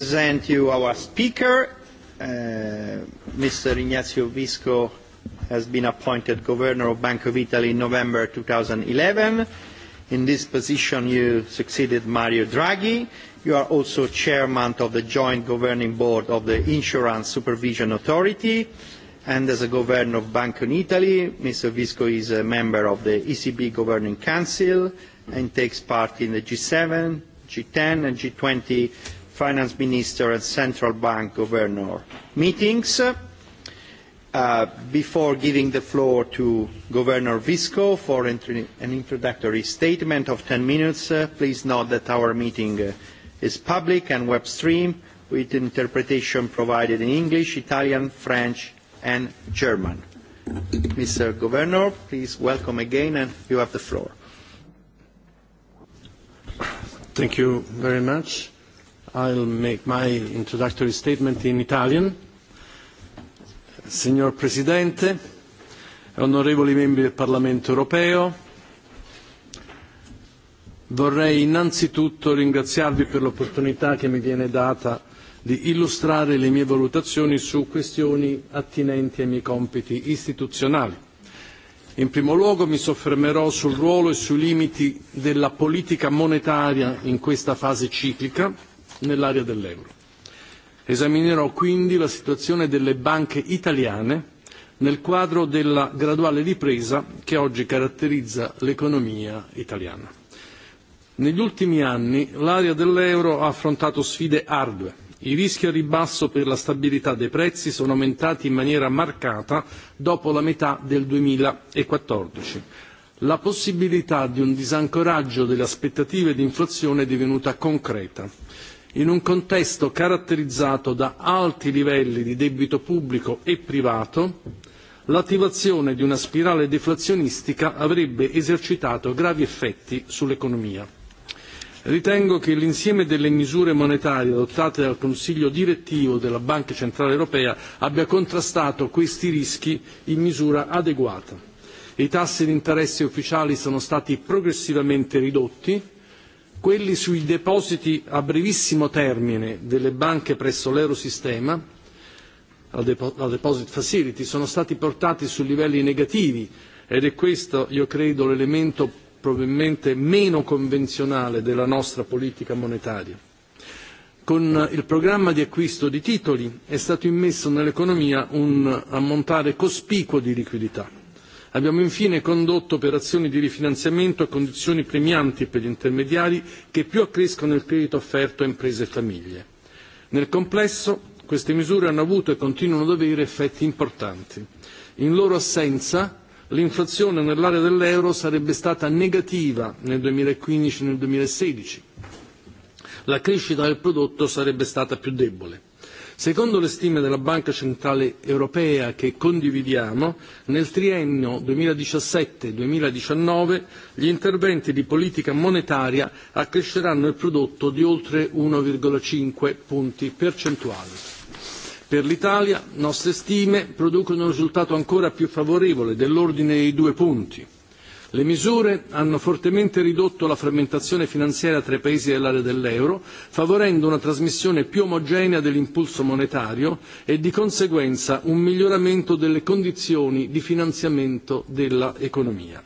present you our speaker. Uh, Mr. Ignazio Visco has been appointed Governor of Bank of Italy in November 2011. In this position, you succeeded Mario Draghi. You are also chairman of the Joint Governing Board of the Insurance Supervision Authority. And as a governor of Bank of Italy, Mr. Visco is a member of the ECB Governing Council and takes part in the G7, G10, and G20 finance minister and central bank governor meetings. before giving the floor to Governor Visco for an introductory statement of ten minutes, please note that our meeting is public and web streamed with interpretation provided in English, Italian, French and German. Mr. Governor, please welcome again and you have the floor. Thank you very much. I'll make my introductory statement in Italian. Signor Presidente, onorevoli membri del Parlamento europeo, vorrei innanzitutto ringraziarvi per l'opportunità che mi viene data di illustrare le mie valutazioni su questioni attinenti ai miei compiti istituzionali. In primo luogo mi soffermerò sul ruolo e sui limiti della politica monetaria in questa fase ciclica nell'area dell'euro. Esaminerò quindi la situazione delle banche italiane nel quadro della graduale ripresa che oggi caratterizza l'economia italiana. Negli ultimi anni l'area dell'euro ha affrontato sfide ardue. I rischi a ribasso per la stabilità dei prezzi sono aumentati in maniera marcata dopo la metà del duemilaquattordici. La possibilità di un disancoraggio delle aspettative di inflazione è divenuta concreta in un contesto caratterizzato da alti livelli di debito pubblico e privato, l'attivazione di una spirale deflazionistica avrebbe esercitato gravi effetti sull'economia. Ritengo che l'insieme delle misure monetarie adottate dal Consiglio direttivo della Banca Centrale Europea abbia contrastato questi rischi in misura adeguata. I tassi di interesse ufficiali sono stati progressivamente ridotti, quelli sui depositi a brevissimo termine delle banche presso l'Eurosistema, la deposit facility, sono stati portati su livelli negativi ed è questo, io credo, l'elemento probabilmente meno convenzionale della nostra politica monetaria. Con il programma di acquisto di titoli è stato immesso nell'economia un ammontare cospicuo di liquidità Abbiamo infine condotto operazioni di rifinanziamento a condizioni premianti per gli intermediari che più accrescono il credito offerto a imprese e famiglie. Nel complesso queste misure hanno avuto e continuano ad avere effetti importanti. In loro assenza l'inflazione nell'area dell'euro sarebbe stata negativa nel duemilaquindici e nel duemilasedici. La crescita del prodotto sarebbe stata più debole. Secondo le stime della Banca Centrale Europea che condividiamo, nel triennio 2017-2019 gli interventi di politica monetaria accresceranno il prodotto di oltre 1,5 punti percentuali. Per l'Italia nostre stime producono un risultato ancora più favorevole dell'ordine dei due punti Le misure hanno fortemente ridotto la frammentazione finanziaria tra i paesi dell'area dell'euro, favorendo una trasmissione più omogenea dell'impulso monetario e di conseguenza un miglioramento delle condizioni di finanziamento dell'economia.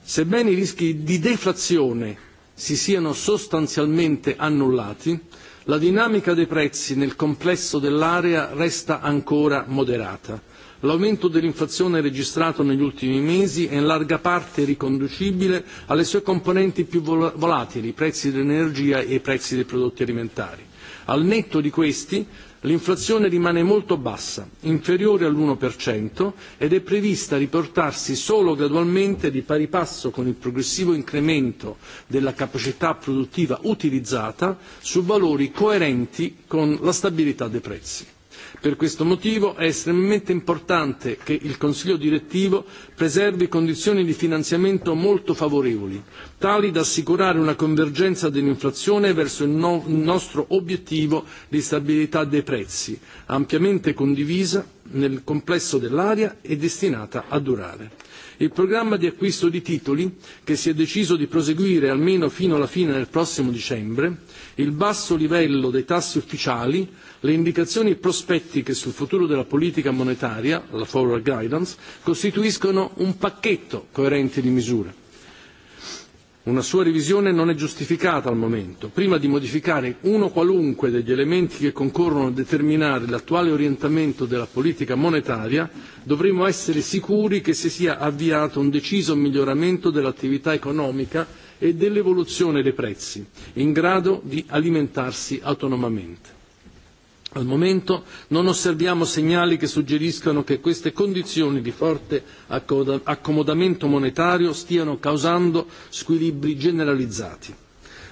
Sebbene i rischi di deflazione si siano sostanzialmente annullati, la dinamica dei prezzi nel complesso dell'area resta ancora moderata L'aumento dell'inflazione registrato negli ultimi mesi è in larga parte riconducibile alle sue componenti più volatili, i prezzi dell'energia e i prezzi dei prodotti alimentari. Al netto di questi, l'inflazione rimane molto bassa, inferiore all'1%, ed è prevista riportarsi solo gradualmente di pari passo con il progressivo incremento della capacità produttiva utilizzata su valori coerenti con la stabilità dei prezzi. Per questo motivo è estremamente importante che il Consiglio direttivo preservi condizioni di finanziamento molto favorevoli, tali da assicurare una convergenza dell'inflazione verso il nostro obiettivo di stabilità dei prezzi, ampiamente condivisa nel complesso dell'area e destinata a durare. Il programma di acquisto di titoli, che si è deciso di proseguire almeno fino alla fine del prossimo dicembre, il basso livello dei tassi ufficiali Le indicazioni prospettiche sul futuro della politica monetaria, la forward guidance, costituiscono un pacchetto coerente di misure. Una sua revisione non è giustificata al momento. Prima di modificare uno qualunque degli elementi che concorrono a determinare l'attuale orientamento della politica monetaria, dovremo essere sicuri che si sia avviato un deciso miglioramento dell'attività economica e dell'evoluzione dei prezzi, in grado di alimentarsi autonomamente. Al momento non osserviamo segnali che suggeriscano che queste condizioni di forte accomodamento monetario stiano causando squilibri generalizzati.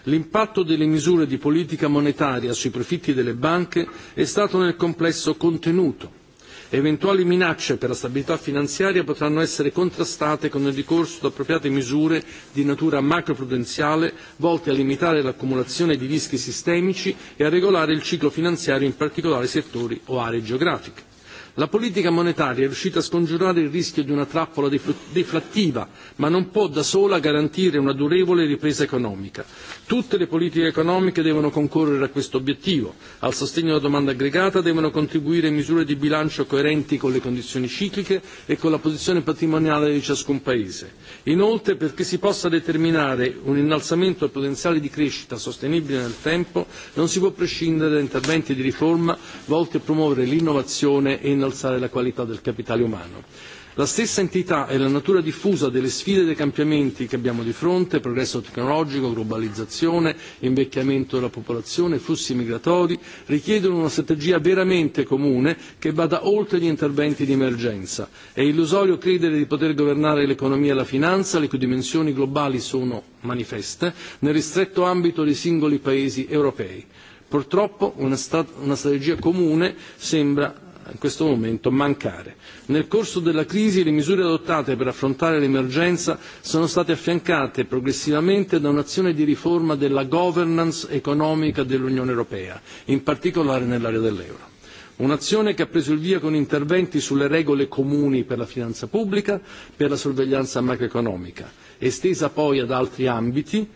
L'impatto delle misure di politica monetaria sui profitti delle banche è stato nel complesso contenuto Eventuali minacce per la stabilità finanziaria potranno essere contrastate con il ricorso ad appropriate misure di natura macroprudenziale volte a limitare l'accumulazione di rischi sistemici e a regolare il ciclo finanziario in particolari settori o aree geografiche. La politica monetaria è riuscita a scongiurare il rischio di una trappola deflattiva, ma non può da sola garantire una durevole ripresa economica. Tutte le politiche economiche devono concorrere a questo obiettivo. Al sostegno della domanda aggregata devono contribuire misure di bilancio coerenti con le condizioni cicliche e con la posizione patrimoniale di ciascun Paese. Inoltre, perché si possa determinare un innalzamento del potenziale di crescita sostenibile nel tempo, non si può prescindere da interventi di riforma volti a promuovere l'innovazione e il innalzare la qualità del capitale umano. La stessa entità e la natura diffusa delle sfide e dei cambiamenti che abbiamo di fronte, progresso tecnologico, globalizzazione, invecchiamento della popolazione, flussi migratori, richiedono una strategia veramente comune che vada oltre gli interventi di emergenza. È illusorio credere di poter governare l'economia e la finanza, le cui dimensioni globali sono manifeste, nel ristretto ambito dei singoli paesi europei. Purtroppo una strategia comune sembra in questo momento mancare. Nel corso della crisi le misure adottate per affrontare l'emergenza sono state affiancate progressivamente da un'azione di riforma della governance economica dell'Unione Europea, in particolare nell'area dell'euro. Un'azione che ha preso il via con interventi sulle regole comuni per la finanza pubblica, per la sorveglianza macroeconomica, estesa poi ad altri ambiti,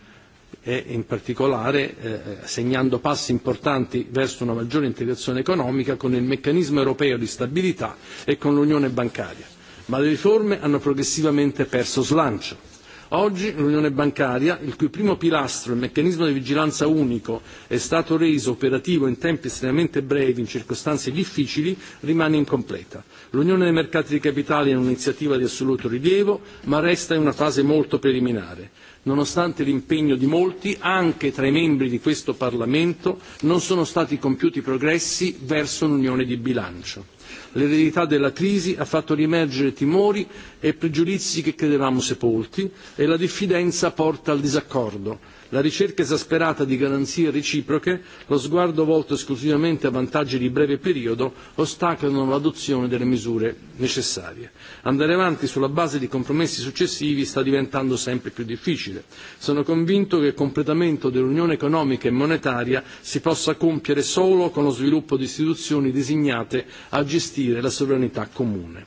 e in particolare segnando passi importanti verso una maggiore integrazione economica con il meccanismo europeo di stabilità e con l'unione bancaria. Ma le riforme hanno progressivamente perso slancio. Oggi l'unione bancaria, il cui primo pilastro, il meccanismo di vigilanza unico, è stato reso operativo in tempi estremamente brevi, in circostanze difficili, rimane incompleta. L'unione dei mercati di capitali è un'iniziativa di assoluto rilievo, ma resta in una fase molto preliminare Nonostante l'impegno di molti, anche tra i membri di questo Parlamento non sono stati compiuti progressi verso un'unione di bilancio. L'eredità della crisi ha fatto riemergere timori e pregiudizi che credevamo sepolti e la diffidenza porta al disaccordo la ricerca esasperata di garanzie reciproche, lo sguardo volto esclusivamente a vantaggi di breve periodo ostacolano l'adozione delle misure necessarie. Andare avanti sulla base di compromessi successivi sta diventando sempre più difficile. Sono convinto che il completamento dell'unione economica e monetaria si possa compiere solo con lo sviluppo di istituzioni designate a gestire la sovranità comune.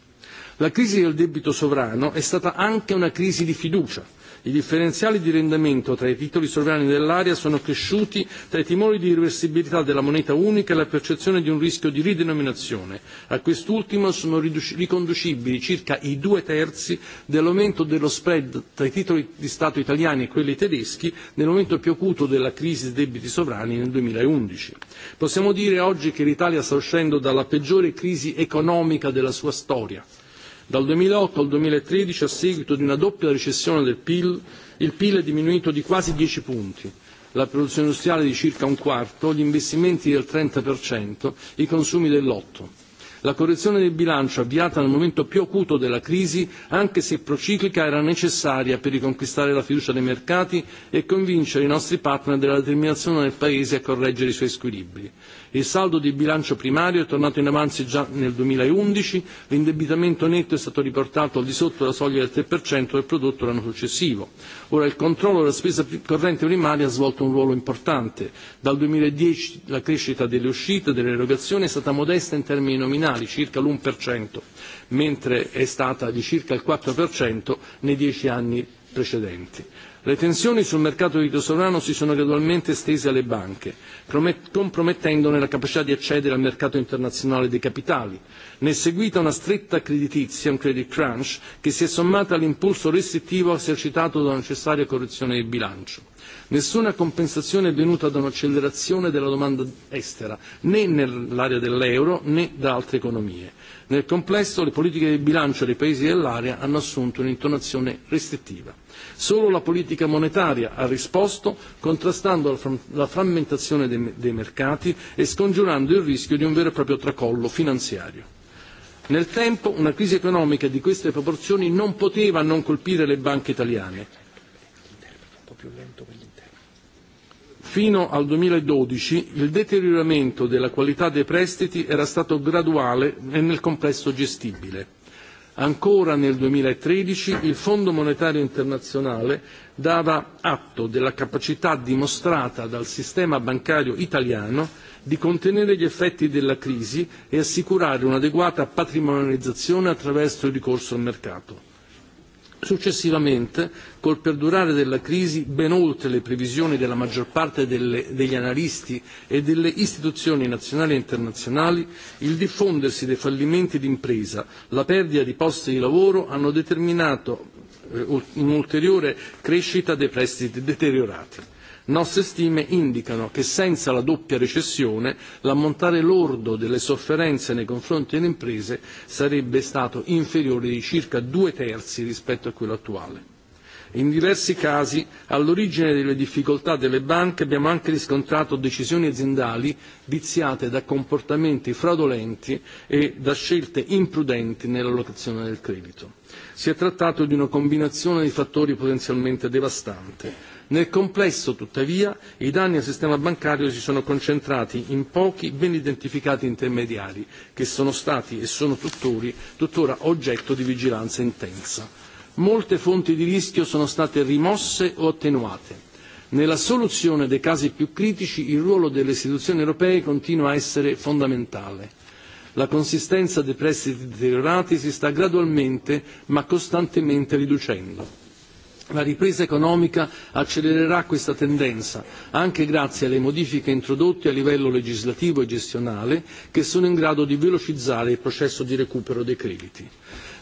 La crisi del debito sovrano è stata anche una crisi di fiducia I differenziali di rendimento tra i titoli sovrani dell'area sono cresciuti tra i timori di irreversibilità della moneta unica e la percezione di un rischio di ridenominazione. A quest'ultimo sono riconducibili circa i due terzi dell'aumento dello spread tra i titoli di Stato italiani e quelli tedeschi nel momento più acuto della crisi dei debiti sovrani nel 2011. Possiamo dire oggi che l'Italia sta uscendo dalla peggiore crisi economica della sua storia Dal duemilaotto al duemilatredici, a seguito di una doppia recessione del PIL, il PIL è diminuito di quasi dieci punti, la produzione industriale di circa un quarto, gli investimenti del trenta i consumi dell'8%. La correzione del bilancio avviata nel momento più acuto della crisi, anche se prociclica, era necessaria per riconquistare la fiducia dei mercati e convincere i nostri partner della determinazione del Paese a correggere i suoi squilibri. Il saldo di bilancio primario è tornato in avanzi già nel 2011, l'indebitamento netto è stato riportato al di sotto della soglia del 3% del prodotto l'anno successivo. Ora il controllo della spesa corrente primaria ha svolto un ruolo importante. Dal 2010 la crescita delle uscite delle erogazioni è stata modesta in termini nominali, circa l'1%, mentre è stata di circa il 4% nei dieci anni precedenti. Le tensioni sul mercato di sovrano si sono gradualmente estese alle banche, compromettendone la capacità di accedere al mercato internazionale dei capitali. Ne è seguita una stretta creditizia, un credit crunch, che si è sommata all'impulso restrittivo esercitato dalla necessaria correzione del bilancio. Nessuna compensazione è venuta da un'accelerazione della domanda estera, né nell'area dell'euro né da altre economie. Nel complesso le politiche di bilancio dei paesi dell'area hanno assunto un'intonazione restrittiva. Solo la politica monetaria ha risposto contrastando la frammentazione dei mercati e scongiurando il rischio di un vero e proprio tracollo finanziario. Nel tempo una crisi economica di queste proporzioni non poteva non colpire le banche italiane. Fino al 2012 il deterioramento della qualità dei prestiti era stato graduale e nel complesso gestibile Ancora nel duemilatredici il Fondo monetario internazionale dava atto della capacità dimostrata dal sistema bancario italiano di contenere gli effetti della crisi e assicurare un'adeguata patrimonializzazione attraverso il ricorso al mercato. Successivamente, col perdurare della crisi ben oltre le previsioni della maggior parte delle, degli analisti e delle istituzioni nazionali e internazionali, il diffondersi dei fallimenti d'impresa, la perdita di posti di lavoro hanno determinato un'ulteriore crescita dei prestiti deteriorati Nostre stime indicano che senza la doppia recessione l'ammontare lordo delle sofferenze nei confronti delle imprese sarebbe stato inferiore di circa due terzi rispetto a quello attuale in diversi casi all'origine delle difficoltà delle banche abbiamo anche riscontrato decisioni aziendali viziate da comportamenti fraudolenti e da scelte imprudenti nell'allocazione del credito. Si è trattato di una combinazione di fattori potenzialmente devastante. Nel complesso, tuttavia, i danni al sistema bancario si sono concentrati in pochi ben identificati intermediari, che sono stati e sono tuttora oggetto di vigilanza intensa molte fonti di rischio sono state rimosse o attenuate. Nella soluzione dei casi più critici il ruolo delle istituzioni europee continua a essere fondamentale. La consistenza dei prestiti deteriorati si sta gradualmente ma costantemente riducendo. La ripresa economica accelererà questa tendenza, anche grazie alle modifiche introdotte a livello legislativo e gestionale, che sono in grado di velocizzare il processo di recupero dei crediti.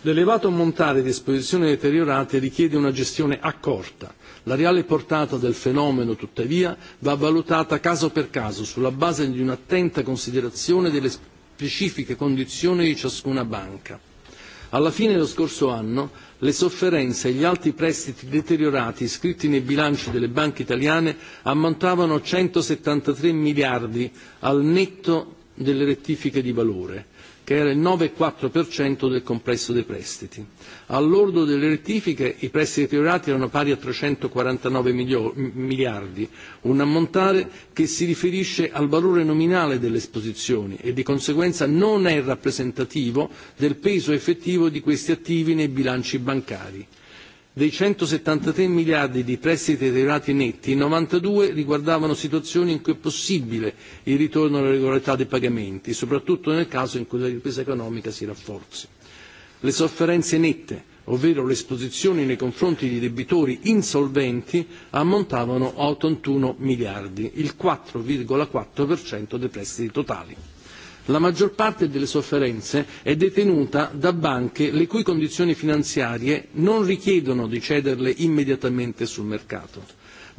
L'elevato montare di esposizioni deteriorate richiede una gestione accorta. La reale portata del fenomeno, tuttavia, va valutata caso per caso sulla base di un'attenta considerazione delle specifiche condizioni di ciascuna banca. Alla fine dello scorso anno le sofferenze e gli alti prestiti deteriorati iscritti nei bilanci delle banche italiane ammontavano a 173 miliardi al netto delle rettifiche di valore che era il 9,4% del complesso dei prestiti. Al lordo delle rettifiche i prestiti deteriorati erano pari a 349 miliardi, un ammontare che si riferisce al valore nominale delle esposizioni e di conseguenza non è rappresentativo del peso effettivo di questi attivi nei bilanci bancari. Dei 173 miliardi di prestiti derivati netti, 92 riguardavano situazioni in cui è possibile il ritorno alla regolarità dei pagamenti, soprattutto nel caso in cui la ripresa economica si rafforzi. Le sofferenze nette, ovvero le esposizioni nei confronti di debitori insolventi, ammontavano a 81 miliardi, il 4,4% dei prestiti totali la maggior parte delle sofferenze è detenuta da banche le cui condizioni finanziarie non richiedono di cederle immediatamente sul mercato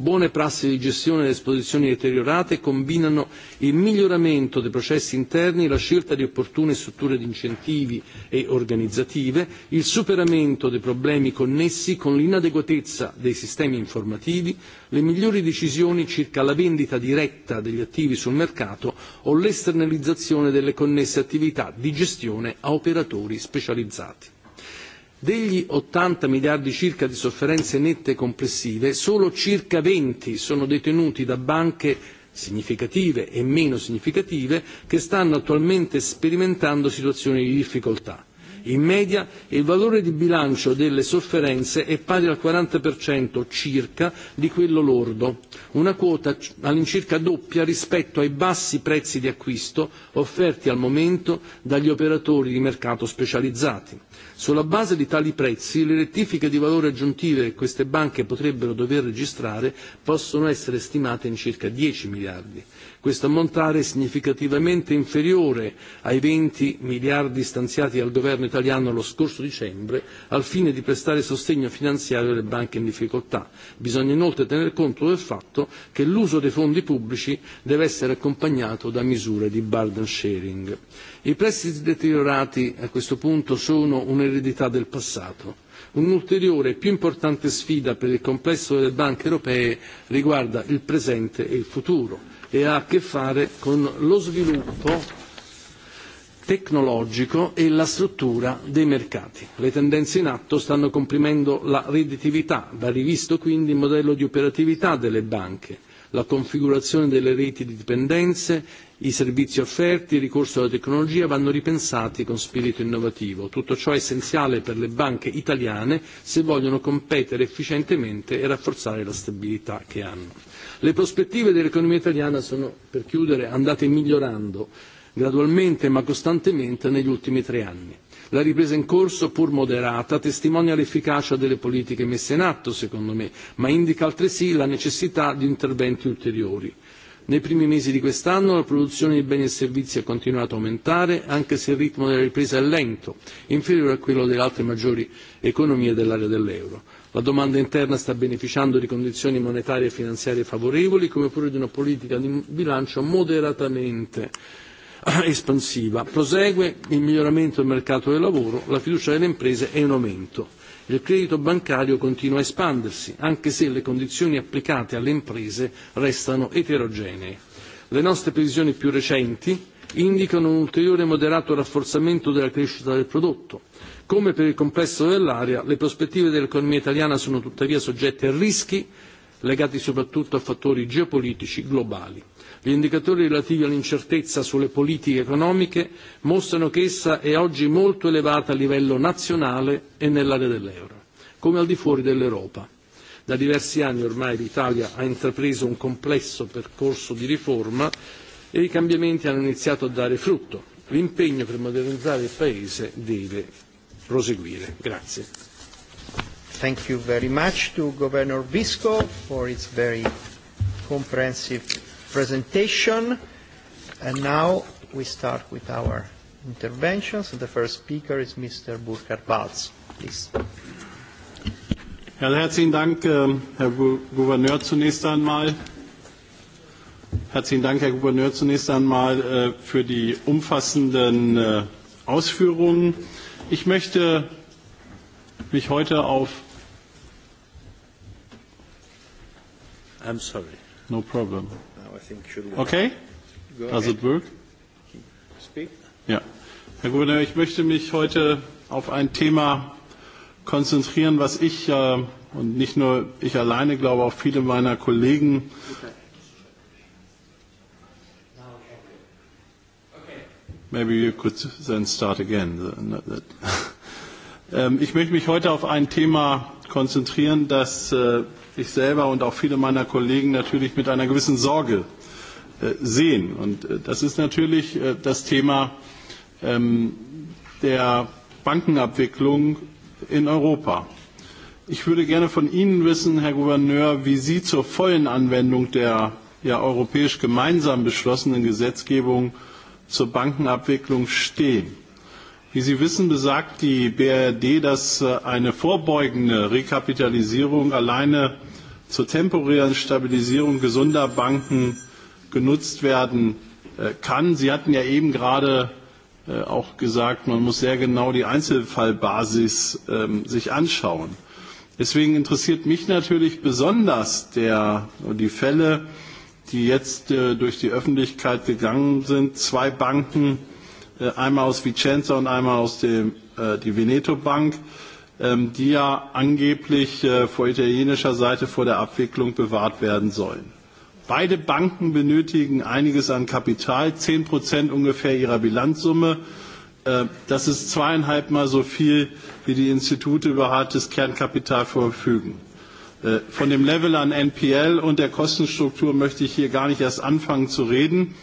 buone prassi di gestione delle esposizioni deteriorate combinano il miglioramento dei processi interni, la scelta di opportune strutture di incentivi e organizzative, il superamento dei problemi connessi con l'inadeguatezza dei sistemi informativi, le migliori decisioni circa la vendita diretta degli attivi sul mercato o l'esternalizzazione delle connesse attività di gestione a operatori specializzati. Degli 80 miliardi circa di sofferenze nette complessive, solo circa 20 sono detenuti da banche significative e meno significative che stanno attualmente sperimentando situazioni di difficoltà. In media il valore di bilancio delle sofferenze è pari al 40% circa di quello lordo, una quota all'incirca doppia rispetto ai bassi prezzi di acquisto offerti al momento dagli operatori di mercato specializzati. Sulla base di tali prezzi le rettifiche di valore aggiuntive che queste banche potrebbero dover registrare possono essere stimate in circa 10 miliardi. Questo ammontare è significativamente inferiore ai 20 miliardi stanziati dal governo italiano lo scorso dicembre al fine di prestare sostegno finanziario alle banche in difficoltà. Bisogna inoltre tener conto del fatto che l'uso dei fondi pubblici deve essere accompagnato da misure di burden sharing. I prestiti deteriorati a questo punto sono un'eredità del passato. Un'ulteriore e più importante sfida per il complesso delle banche europee riguarda il presente e il futuro e ha a che fare con lo sviluppo tecnologico e la struttura dei mercati. Le tendenze in atto stanno comprimendo la redditività, va rivisto quindi il modello di operatività delle banche, la configurazione delle reti di dipendenze, i servizi offerti, il ricorso alla tecnologia vanno ripensati con spirito innovativo. Tutto ciò è essenziale per le banche italiane se vogliono competere efficientemente e rafforzare la stabilità che hanno. Le prospettive dell'economia italiana sono, per chiudere, andate migliorando gradualmente ma costantemente negli ultimi tre anni. La ripresa in corso, pur moderata, testimonia l'efficacia delle politiche messe in atto, secondo me, ma indica altresì la necessità di interventi ulteriori. Nei primi mesi di quest'anno la produzione di beni e servizi ha continuato a aumentare, anche se il ritmo della ripresa è lento, inferiore a quello delle altre maggiori economie dell'area dell'euro. La domanda interna sta beneficiando di condizioni monetarie e finanziarie favorevoli, come pure di una politica di bilancio moderatamente espansiva. Prosegue il miglioramento del mercato del lavoro, la fiducia delle imprese è in aumento. Il credito bancario continua a espandersi, anche se le condizioni applicate alle imprese restano eterogenee. Le nostre previsioni più recenti indicano un ulteriore moderato rafforzamento della crescita del prodotto, Come per il complesso dell'area, le prospettive dell'economia italiana sono tuttavia soggette a rischi legati soprattutto a fattori geopolitici globali. Gli indicatori relativi all'incertezza sulle politiche economiche mostrano che essa è oggi molto elevata a livello nazionale e nell'area dell'euro, come al di fuori dell'Europa. Da diversi anni ormai l'Italia ha intrapreso un complesso percorso di riforma e i cambiamenti hanno iniziato a dare frutto. L'impegno per modernizzare il Paese deve proseguire. Grazie. Thank you very much to Governor Bisco for his very comprehensive presentation. And now we start with our interventions. The first speaker is Mr. Burkhard Balz. Please. herzlichen Dank, Herr Gouverneur, zunächst einmal. Herzlichen Dank, Herr Gouverneur, zunächst einmal für die umfassenden Ausführungen. Ich möchte mich heute auf I'm sorry. No problem. No, I think should okay? Go Does ahead. it work? Speak. Ja. Herr Gouverneur, ich möchte mich heute auf ein Thema konzentrieren, was ich äh, und nicht nur ich alleine glaube, auch viele meiner Kollegen Maybe you could then start again. Ich möchte mich heute auf ein Thema konzentrieren, das ich selber und auch viele meiner Kollegen natürlich mit einer gewissen Sorge sehen. Und das ist natürlich das Thema der Bankenabwicklung in Europa. Ich würde gerne von Ihnen wissen, Herr Gouverneur, wie Sie zur vollen Anwendung der ja europäisch gemeinsam beschlossenen Gesetzgebung zur Bankenabwicklung stehen. Wie Sie wissen, besagt die BRD, dass eine vorbeugende Rekapitalisierung alleine zur temporären Stabilisierung gesunder Banken genutzt werden kann. Sie hatten ja eben gerade auch gesagt, man muss sehr genau die Einzelfallbasis sich anschauen. Deswegen interessiert mich natürlich besonders die Fälle, die jetzt durch die Öffentlichkeit gegangen sind. Zwei Banken, einmal aus Vicenza und einmal aus dem, die Veneto Bank, die ja angeblich vor italienischer Seite vor der Abwicklung bewahrt werden sollen. Beide Banken benötigen einiges an Kapital, zehn Prozent ungefähr ihrer Bilanzsumme. Das ist zweieinhalb Mal so viel, wie die Institute über hartes Kernkapital verfügen. Von dem Level an NPL und der Kostenstruktur möchte ich hier gar nicht erst anfangen zu reden.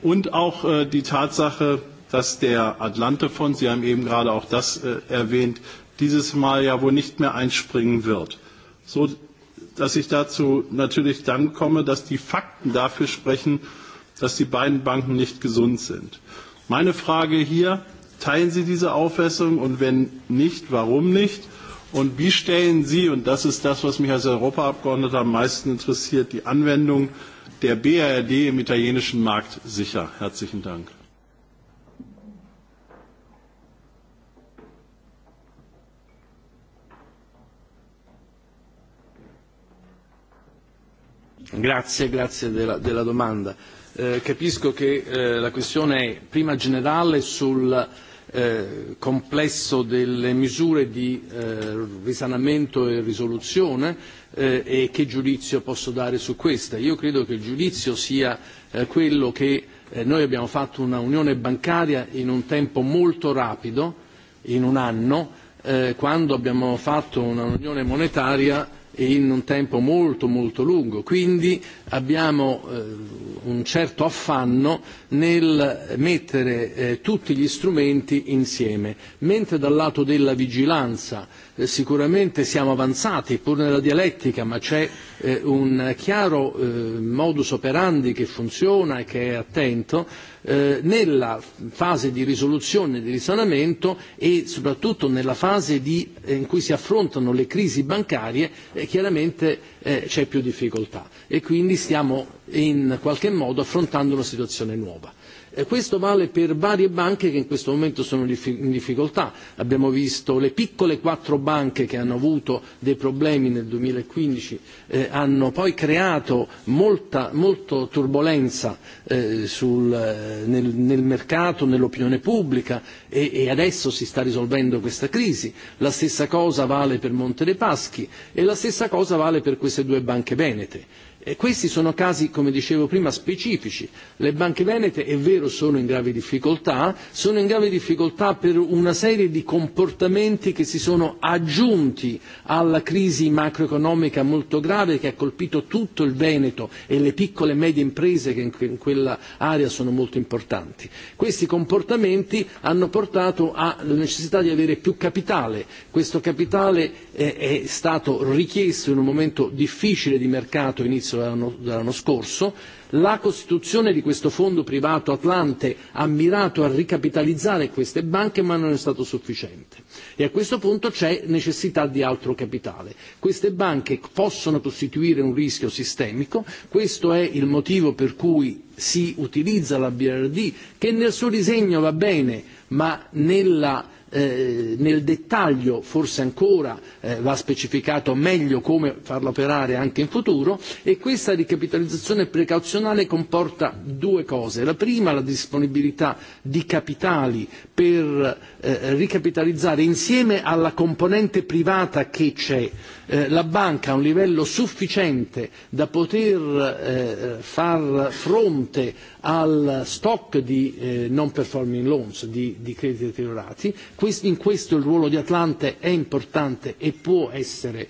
Und auch die Tatsache, dass der Atlante-Fonds, Sie haben eben gerade auch das erwähnt, dieses Mal ja wohl nicht mehr einspringen wird. So dass ich dazu natürlich dann komme, dass die Fakten dafür sprechen, dass die beiden Banken nicht gesund sind. Meine Frage hier, teilen Sie diese Auffassung und wenn nicht, warum nicht? Und wie stellen Sie, und das ist das, was mich als Europaabgeordneter am meisten interessiert, die Anwendung der BRD im italienischen Markt sicher? Herzlichen Dank. Grazie, grazie della, della domanda. Eh, capisco che eh, la questione è prima generale sul complesso delle misure di risanamento e risoluzione e che giudizio posso dare su questa. Io credo che il giudizio sia quello che noi abbiamo fatto una unione bancaria in un tempo molto rapido, in un anno, quando abbiamo fatto un'unione monetaria e in un tempo molto molto lungo. Quindi abbiamo eh, un certo affanno nel mettere eh, tutti gli strumenti insieme, mentre dal lato della vigilanza sicuramente siamo avanzati pur nella dialettica, ma c'è un chiaro modus operandi che funziona e che è attento nella fase di risoluzione e di risanamento e soprattutto nella fase di, in cui si affrontano le crisi bancarie eh, chiaramente eh, c'è più difficoltà e quindi stiamo in qualche modo affrontando una situazione nuova. E questo vale per varie banche che in questo momento sono in difficoltà. Abbiamo visto le piccole quattro banche che hanno avuto dei problemi nel 2015, eh, hanno poi creato molta, molto turbolenza eh, sul, nel, nel mercato, nell'opinione pubblica e, e adesso si sta risolvendo questa crisi. La stessa cosa vale per Monte dei Paschi e la stessa cosa vale per queste due banche venete E questi sono casi, come dicevo prima, specifici. Le banche venete, è vero, sono in grave difficoltà, sono in grave difficoltà per una serie di comportamenti che si sono aggiunti alla crisi macroeconomica molto grave che ha colpito tutto il Veneto e le piccole e medie imprese che in quell'area sono molto importanti. Questi comportamenti hanno portato alla necessità di avere più capitale. Questo capitale è stato richiesto in un momento difficile di mercato inizio all'inizio dell'anno scorso, la costituzione di questo fondo privato Atlante ha mirato a ricapitalizzare queste banche ma non è stato sufficiente e a questo punto c'è necessità di altro capitale. Queste banche possono costituire un rischio sistemico, questo è il motivo per cui si utilizza la BRD che nel suo disegno va bene ma nella eh, nel dettaglio forse ancora eh, va specificato meglio come farla operare anche in futuro e questa ricapitalizzazione precauzionale comporta due cose. La prima la disponibilità di capitali per eh, ricapitalizzare insieme alla componente privata che c'è eh, la banca a un livello sufficiente da poter eh, far fronte al stock di eh, non performing loans, di, di crediti deteriorati, in questo il ruolo di Atlante è importante e può essere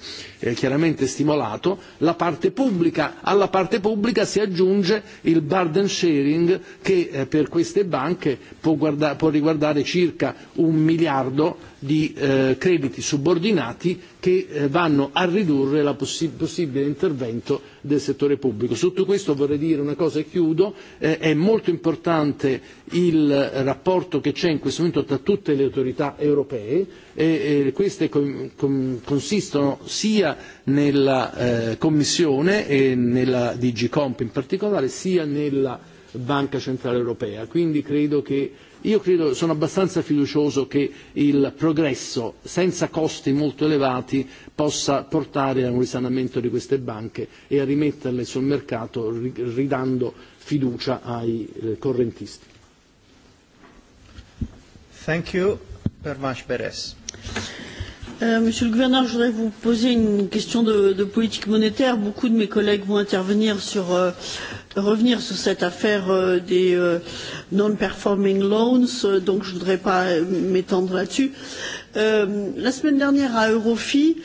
chiaramente stimolato, la parte pubblica, alla parte pubblica si aggiunge il burden sharing che per queste banche può, riguardare circa un miliardo di crediti subordinati che vanno a ridurre il possibile intervento del settore pubblico. Sotto questo vorrei dire una cosa e chiudo, è molto importante il rapporto che c'è in questo momento tra tutte le autorità europee e queste consistono sia nella Commissione e nella DG Comp in particolare, sia nella Banca Centrale Europea. Quindi credo che Io credo, sono abbastanza fiducioso che il progresso, senza costi molto elevati, possa portare a un risanamento di queste banche e a rimetterle sul mercato ridando fiducia ai correntisti. Thank you. Beres. Monsieur le gouverneur, je voudrais vous poser une question de, de politique monétaire. Beaucoup de mes collègues vont intervenir sur euh, revenir sur cette affaire des non-performing loans, donc je ne voudrais pas m'étendre là-dessus. La semaine dernière à Eurofi,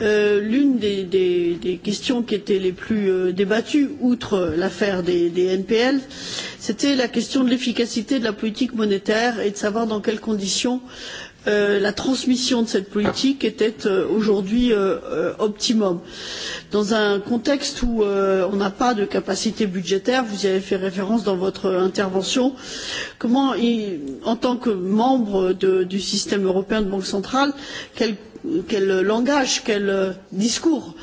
l'une des, des, des questions qui étaient les plus débattues, outre l'affaire des, des NPL, c'était la question de l'efficacité de la politique monétaire et de savoir dans quelles conditions euh, la transmission de cette politique était aujourd'hui optimum. Dans un contexte où on n'a pas de capacité budgétaire, vous y avez fait référence dans votre intervention, comment, en tant que membre du système européen de banque centrale, quel quel langage, quel discours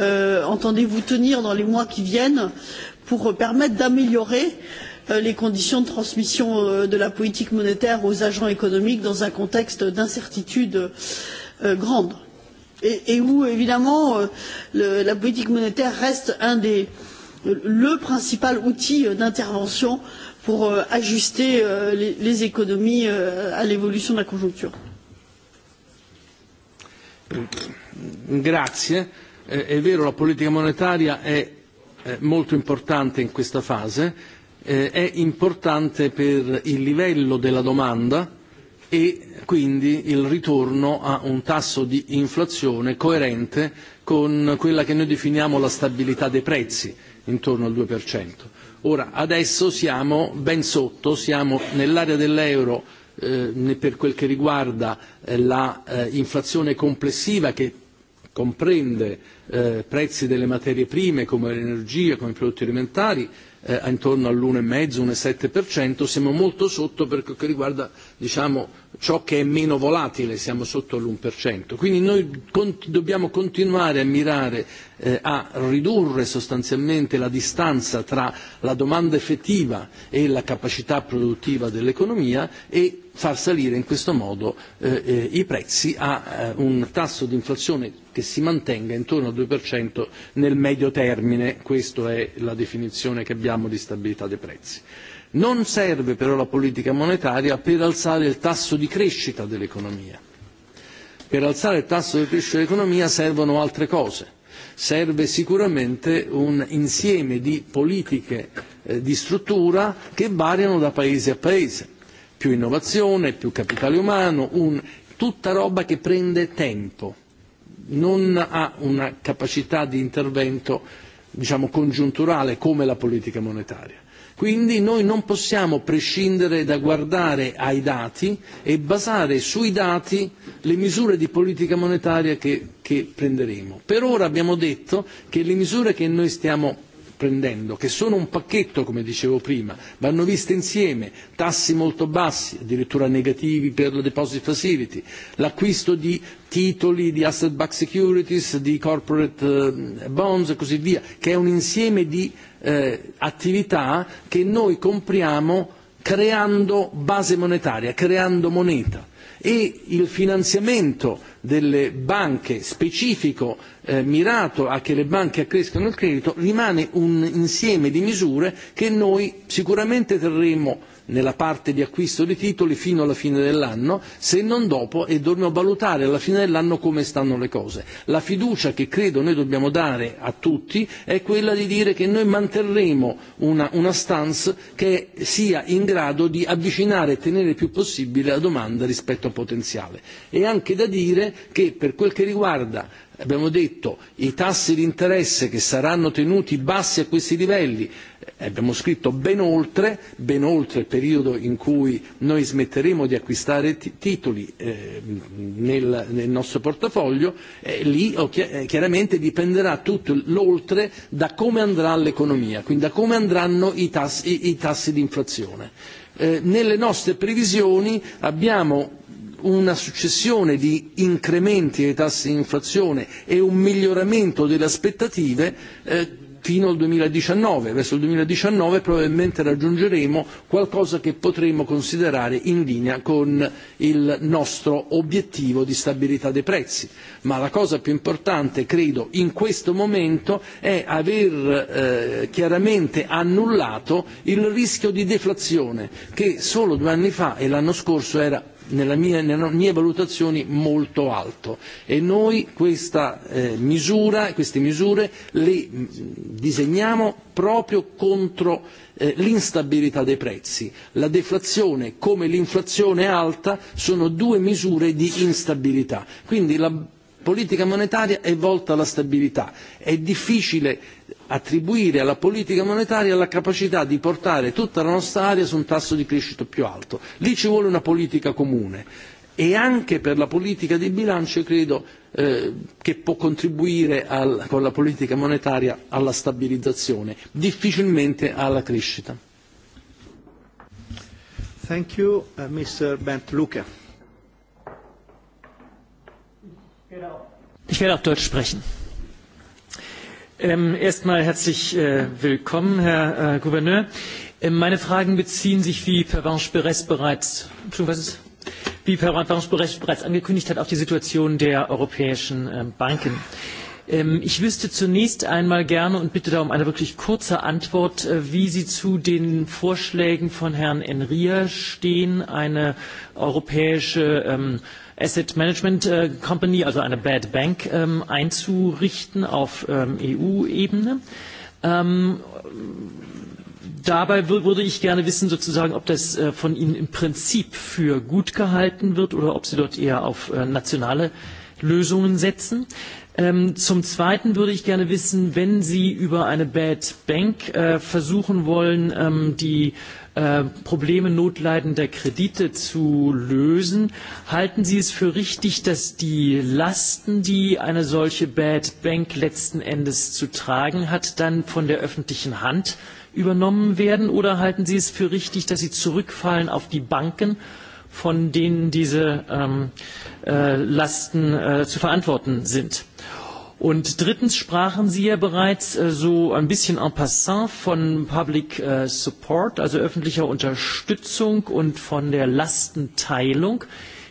entendez-vous tenir dans les mois qui viennent pour permettre d'améliorer euh, les conditions de transmission de la politique monétaire aux agents économiques dans un contexte d'incertitude grande et où évidemment la politique monétaire reste le principal outil d'intervention pour ajuster les économies à l'évolution de la conjoncture. È vero, la politica monetaria è molto importante in questa fase eh, è importante per il livello della domanda e quindi il ritorno a un tasso di inflazione coerente con quella che noi definiamo la stabilità dei prezzi, intorno al 2%. Ora, adesso siamo ben sotto, siamo nell'area dell'euro eh, per quel che riguarda eh, l'inflazione complessiva che comprende eh, prezzi delle materie prime come l'energia, come i prodotti alimentari, eh, intorno all'1,5-1,7%, siamo molto sotto per quel che riguarda diciamo, ciò che è meno volatile, siamo sotto l'1%. Quindi noi dobbiamo continuare a mirare eh, a ridurre sostanzialmente la distanza tra la domanda effettiva e la capacità produttiva dell'economia e far salire in questo modo eh, i prezzi a eh, un tasso di inflazione che si mantenga intorno al 2% nel medio termine, questa è la definizione che abbiamo di stabilità dei prezzi. Non serve però la politica monetaria per alzare il tasso di crescita dell'economia. Per alzare il tasso di crescita dell'economia servono altre cose. Serve sicuramente un insieme di politiche di struttura che variano da paese a paese. Più innovazione, più capitale umano, un, tutta roba che prende tempo, non ha una capacità di intervento diciamo, congiunturale come la politica monetaria. Quindi noi non possiamo prescindere da guardare ai dati e basare sui dati le misure di politica monetaria che, che prenderemo. Per ora abbiamo detto che le misure che noi stiamo prendendo, che sono un pacchetto, come dicevo prima, vanno viste insieme, tassi molto bassi, addirittura negativi per la deposit facility, l'acquisto di titoli, di asset backed securities, di corporate bonds e così via, che è un insieme di eh, attività che noi compriamo creando base monetaria, creando moneta e il finanziamento delle banche specifico eh, mirato a che le banche accrescano il credito rimane un insieme di misure che noi sicuramente terremo nella parte di acquisto dei titoli fino alla fine dell'anno, se non dopo e dobbiamo valutare alla fine dell'anno come stanno le cose. La fiducia che credo noi dobbiamo dare a tutti è quella di dire che noi manterremo una, una stance che sia in grado di avvicinare e tenere il più possibile la domanda rispetto al potenziale. E anche da dire che per quel che riguarda abbiamo detto i tassi di interesse che saranno tenuti bassi a questi livelli abbiamo scritto ben oltre, ben oltre il periodo in cui noi smetteremo di acquistare titoli eh, nel, nel nostro portafoglio, eh, lì eh, chiaramente dipenderà tutto l'oltre da come andrà l'economia, quindi da come andranno i tassi, i, i tassi di inflazione. Eh, nelle nostre previsioni abbiamo una successione di incrementi dei tassi di inflazione e un miglioramento delle aspettative eh, fino al 2019. Verso il 2019 probabilmente raggiungeremo qualcosa che potremo considerare in linea con il nostro obiettivo di stabilità dei prezzi. Ma la cosa più importante, credo, in questo momento è aver eh, chiaramente annullato il rischio di deflazione che solo due anni fa e l'anno scorso era nella mia, nelle mie valutazioni molto alto e noi questa eh, misura, queste misure le disegniamo proprio contro eh, l'instabilità dei prezzi. La deflazione come l'inflazione alta sono due misure di instabilità, quindi la politica monetaria è volta alla stabilità. È difficile attribuire alla politica monetaria la capacità di portare tutta la nostra area su un tasso di crescita più alto. Lì ci vuole una politica comune e anche per la politica di bilancio credo eh, che può contribuire al, con la politica monetaria alla stabilizzazione, difficilmente alla crescita. Thank you, uh, Mr. Bent Luca. Ich werde auch Deutsch sprechen. Erst Erstmal herzlich willkommen, Herr Gouverneur. Meine Fragen beziehen sich, wie Pervenche Beres bereits, Beres bereits angekündigt hat, auf die Situation der europäischen Banken. Ich wüsste zunächst einmal gerne und bitte da um eine wirklich kurze Antwort, wie Sie zu den Vorschlägen von Herrn Enria stehen, eine europäische Asset Management Company, also eine Bad Bank, einzurichten auf EU-Ebene. Dabei würde ich gerne wissen, sozusagen, ob das von Ihnen im Prinzip für gut gehalten wird oder ob Sie dort eher auf nationale Lösungen setzen. Zum Zweiten würde ich gerne wissen, wenn Sie über eine Bad Bank versuchen wollen, die Probleme notleidender Kredite zu lösen. Halten Sie es für richtig, dass die Lasten, die eine solche Bad Bank letzten Endes zu tragen hat, dann von der öffentlichen Hand übernommen werden? Oder halten Sie es für richtig, dass sie zurückfallen auf die Banken, von denen diese Lasten zu verantworten sind? Und drittens sprachen Sie ja bereits so ein bisschen en passant von Public Support, also öffentlicher Unterstützung und von der Lastenteilung.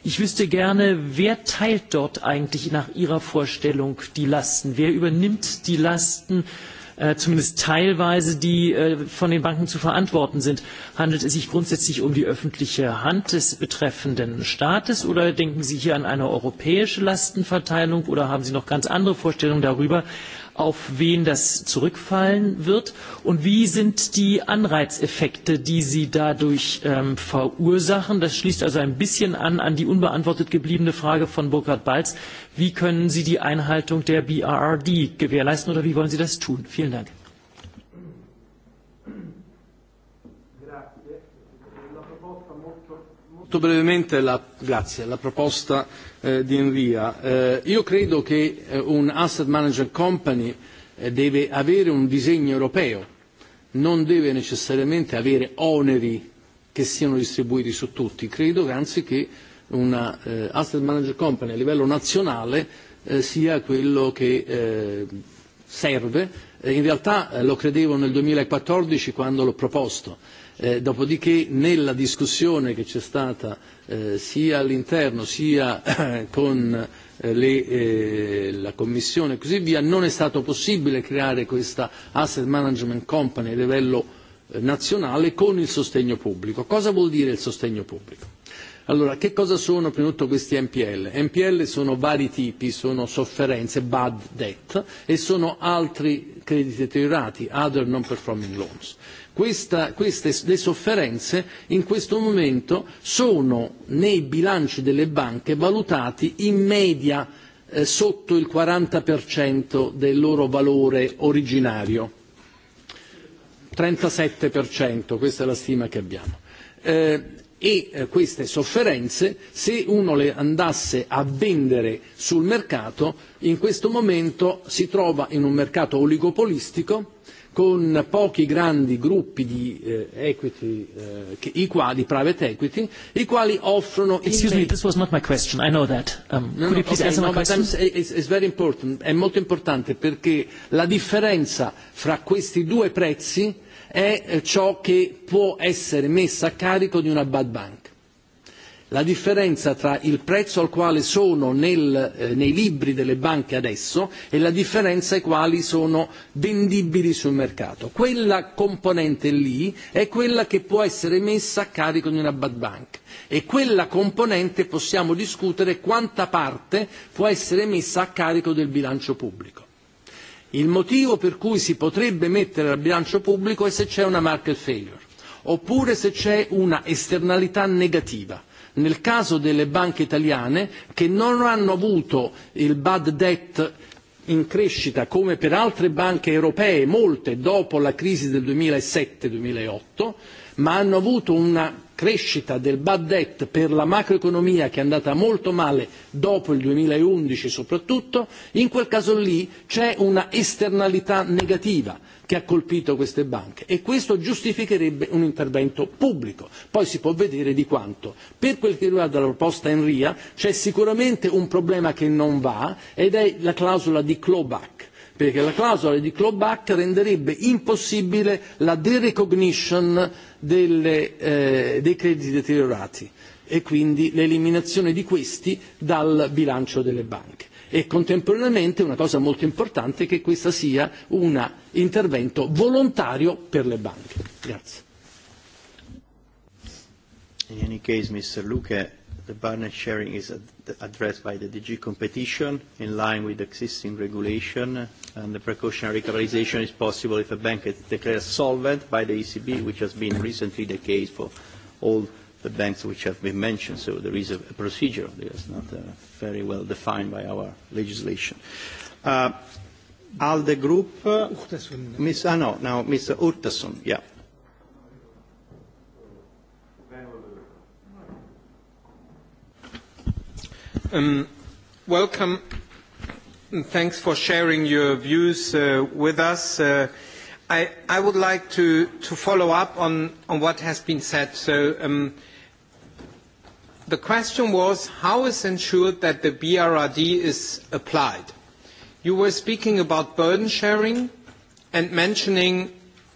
Ich wüsste gerne, wer teilt dort eigentlich nach Ihrer Vorstellung die Lasten? Wer übernimmt die Lasten zumindest teilweise, die von den Banken zu verantworten sind. Handelt es sich grundsätzlich um die öffentliche Hand des betreffenden Staates oder denken Sie hier an eine europäische Lastenverteilung oder haben Sie noch ganz andere Vorstellungen darüber? auf wen das zurückfallen wird und wie sind die Anreizeffekte, die Sie dadurch verursachen. Das schließt also ein bisschen an an die unbeantwortet gebliebene Frage von Burkhard Balz. Wie können Sie die Einhaltung der BRRD gewährleisten oder wie wollen Sie das tun? Vielen Dank. molto brevemente la, proposta di Eh, io credo che un asset management company deve avere un disegno europeo, non deve necessariamente avere oneri che siano distribuiti su tutti. Credo anzi che eh, asset manager company a livello nazionale sia quello che serve. In realtà lo credevo nel duemilaquattordici quando l'ho proposto dopodiché nella discussione che c'è stata sia all'interno sia con la Commissione e così via non è stato possibile creare questa asset management company a livello nazionale con il sostegno pubblico. Cosa vuol dire il sostegno pubblico? Allora, che cosa sono prima di tutto questi NPL? NPL sono vari tipi, sono sofferenze, bad debt, e sono altri crediti deteriorati, other non performing loans le sofferenze in questo momento sono nei bilanci delle banche valutati in media sotto il 40% del loro valore originario, 37%, questa è la stima che abbiamo. e queste sofferenze, se uno le andasse a vendere sul mercato, in questo momento si trova in un mercato oligopolistico con pochi grandi gruppi di eh, equity, eh, che, i quali, private equity, i quali offrono... Excuse me, this was not my question, I know that. Um, no, could no, you please okay, answer no, my question? It's, it's very important, è molto importante perché la differenza fra questi due prezzi è ciò che può essere messo a carico di una bad bank la differenza tra il prezzo al quale sono nei libri delle banche adesso e la differenza ai quali sono vendibili sul mercato. Quella componente lì è quella che può essere messa a carico di una bad bank e quella componente possiamo discutere quanta parte può essere messa a carico del bilancio pubblico. Il motivo per cui si potrebbe mettere al bilancio pubblico è se c'è una market failure oppure se c'è una esternalità negativa nel caso delle banche italiane che non hanno avuto il bad debt in crescita come per altre banche europee, molte dopo la crisi del 2007-2008, ma hanno avuto una crescita del bad debt per la macroeconomia che è andata molto male dopo il 2011 soprattutto, in quel caso lì c'è una esternalità negativa che ha colpito queste banche e questo giustificherebbe un intervento pubblico. Poi si può vedere di quanto. Per quel che riguarda la proposta Enria c'è sicuramente un problema che non va ed è la clausola di clawback perché la clausola di clawback renderebbe impossibile la derecognition delle, eh, dei crediti deteriorati e quindi l'eliminazione di questi dal bilancio delle banche. E contemporaneamente una cosa molto importante è che questo sia un intervento volontario per le banche. Grazie. In any case, Mr. Luque, the burden sharing is addressed by the DG competition in line with existing regulation, and the precautionary capitalization is possible if a bank is declared solvent by the ECB, which has been recently the case for all the banks which have been mentioned. So there is a procedure that is not uh very well defined by our legislation. Uh ALDE Group, uh Ms. uh, no, now Mr. Urtason, yeah. Um, welcome. and Thanks for sharing your views uh, with us. Uh, I, I would like to, to follow up on, on what has been said. So um, the question was, how is ensured that the BRRD is applied? You were speaking about burden sharing and mentioning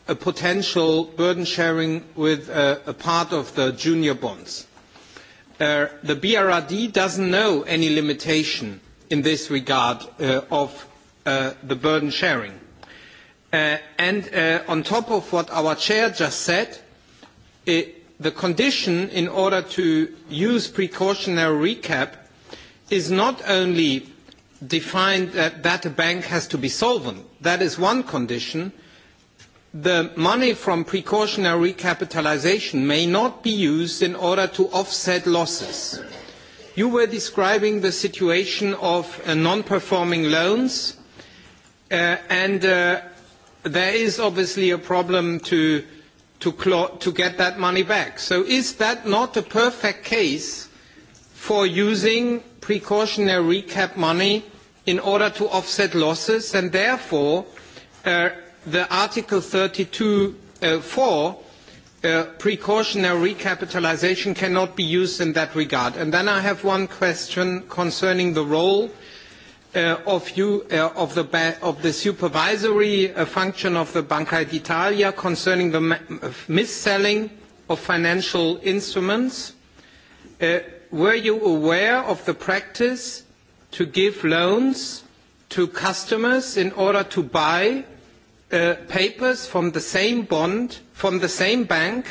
a potential burden sharing with a, a part of the junior bonds the BRRD doesn't know any limitation in this regard of the burden sharing. and on top of what our chair just said, the condition in order to use precautionary recap is not only defined that, that a bank has to be solvent. That is one condition the money from precautionary recapitalisation may not be used in order to offset losses. You were describing the situation of non-performing loans, and there is obviously a problem to to get that money back. So is that not a perfect case for using precautionary recap money in order to offset losses and therefore the Article 32.4 uh, precautionary recapitalisation cannot be used in that regard. And then I have one question concerning the role of the supervisory function of the Banca d'Italia concerning the mis-selling of financial instruments. Were you aware of the practice to give loans to customers in order to buy papers from the same bond, from the same bank,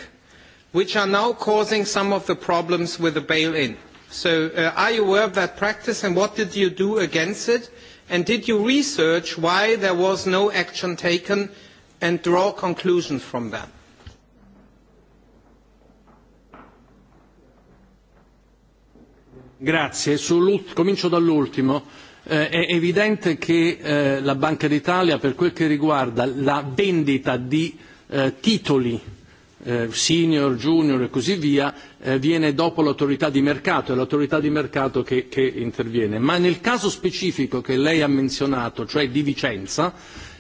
which are now causing some of the problems with the bail-in. So are you aware of that practice and what did you do against it? And did you research why there was no action taken and draw conclusions from that? Grazie. Comincio dall'ultimo è evidente che la Banca d'Italia per quel che riguarda la vendita di titoli senior, junior e così via viene dopo l'autorità di mercato, è l'autorità di mercato che, che interviene. Ma nel caso specifico che lei ha menzionato, cioè di Vicenza,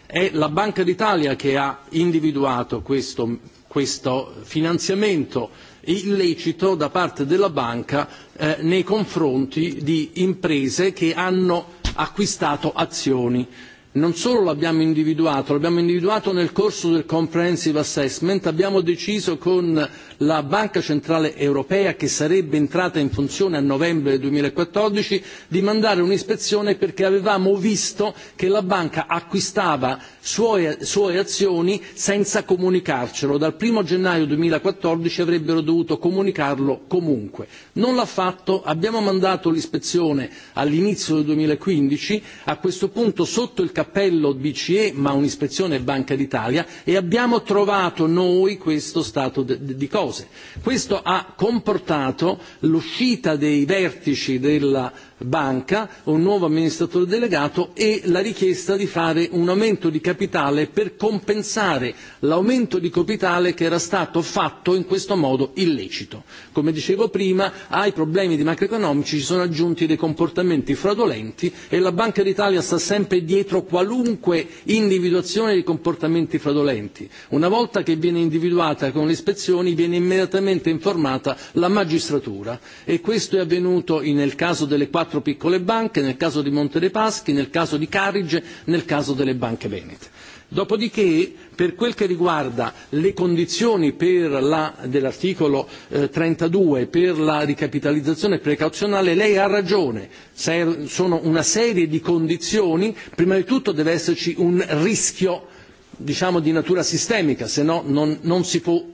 è la Banca d'Italia che ha individuato questo, questo finanziamento illecito da parte della banca eh, nei confronti di imprese che hanno acquistato azioni non solo l'abbiamo individuato, l'abbiamo individuato nel corso del comprehensive assessment, abbiamo deciso con la Banca Centrale Europea, che sarebbe entrata in funzione a novembre duemilaquattordici, di mandare un'ispezione perché avevamo visto che la banca acquistava sue azioni senza comunicarcelo. Dal primo gennaio duemilaquattordici avrebbero dovuto comunicarlo comunque. Non l'ha fatto, abbiamo mandato l'ispezione all'inizio del duemilaquindici, a questo punto sotto il appello BCE ma un'ispezione Banca d'Italia e abbiamo trovato noi questo stato di cose. Questo ha comportato l'uscita dei vertici della banca, un nuovo amministratore delegato e la richiesta di fare un aumento di capitale per compensare l'aumento di capitale che era stato fatto in questo modo illecito. Come dicevo prima, ai problemi di macroeconomici si sono aggiunti dei comportamenti fraudolenti e la Banca d'Italia sta sempre dietro qualunque individuazione di comportamenti fraudolenti. Una volta che viene individuata con le ispezioni viene immediatamente informata la magistratura e questo è avvenuto nel caso delle quattro quattro piccole banche, nel caso di Monte dei Paschi, nel caso di Carige, nel caso delle banche venete. Dopodiché, per quel che riguarda le condizioni dell'articolo trentadue per la ricapitalizzazione precauzionale, lei ha ragione, sono una serie di condizioni, prima di tutto deve esserci un rischio diciamo di natura sistemica, se no non, non si può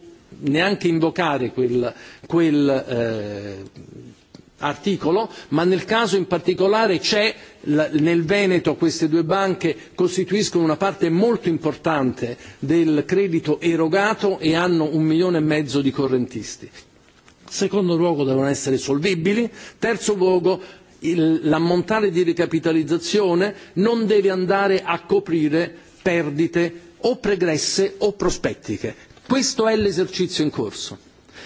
neanche invocare quel, quel eh, articolo, ma nel caso in particolare c'è nel Veneto queste due banche costituiscono una parte molto importante del credito erogato e hanno un milione e mezzo di correntisti. Secondo luogo devono essere solvibili, terzo luogo l'ammontare di ricapitalizzazione non deve andare a coprire perdite o pregresse o prospettiche. Questo è l'esercizio in corso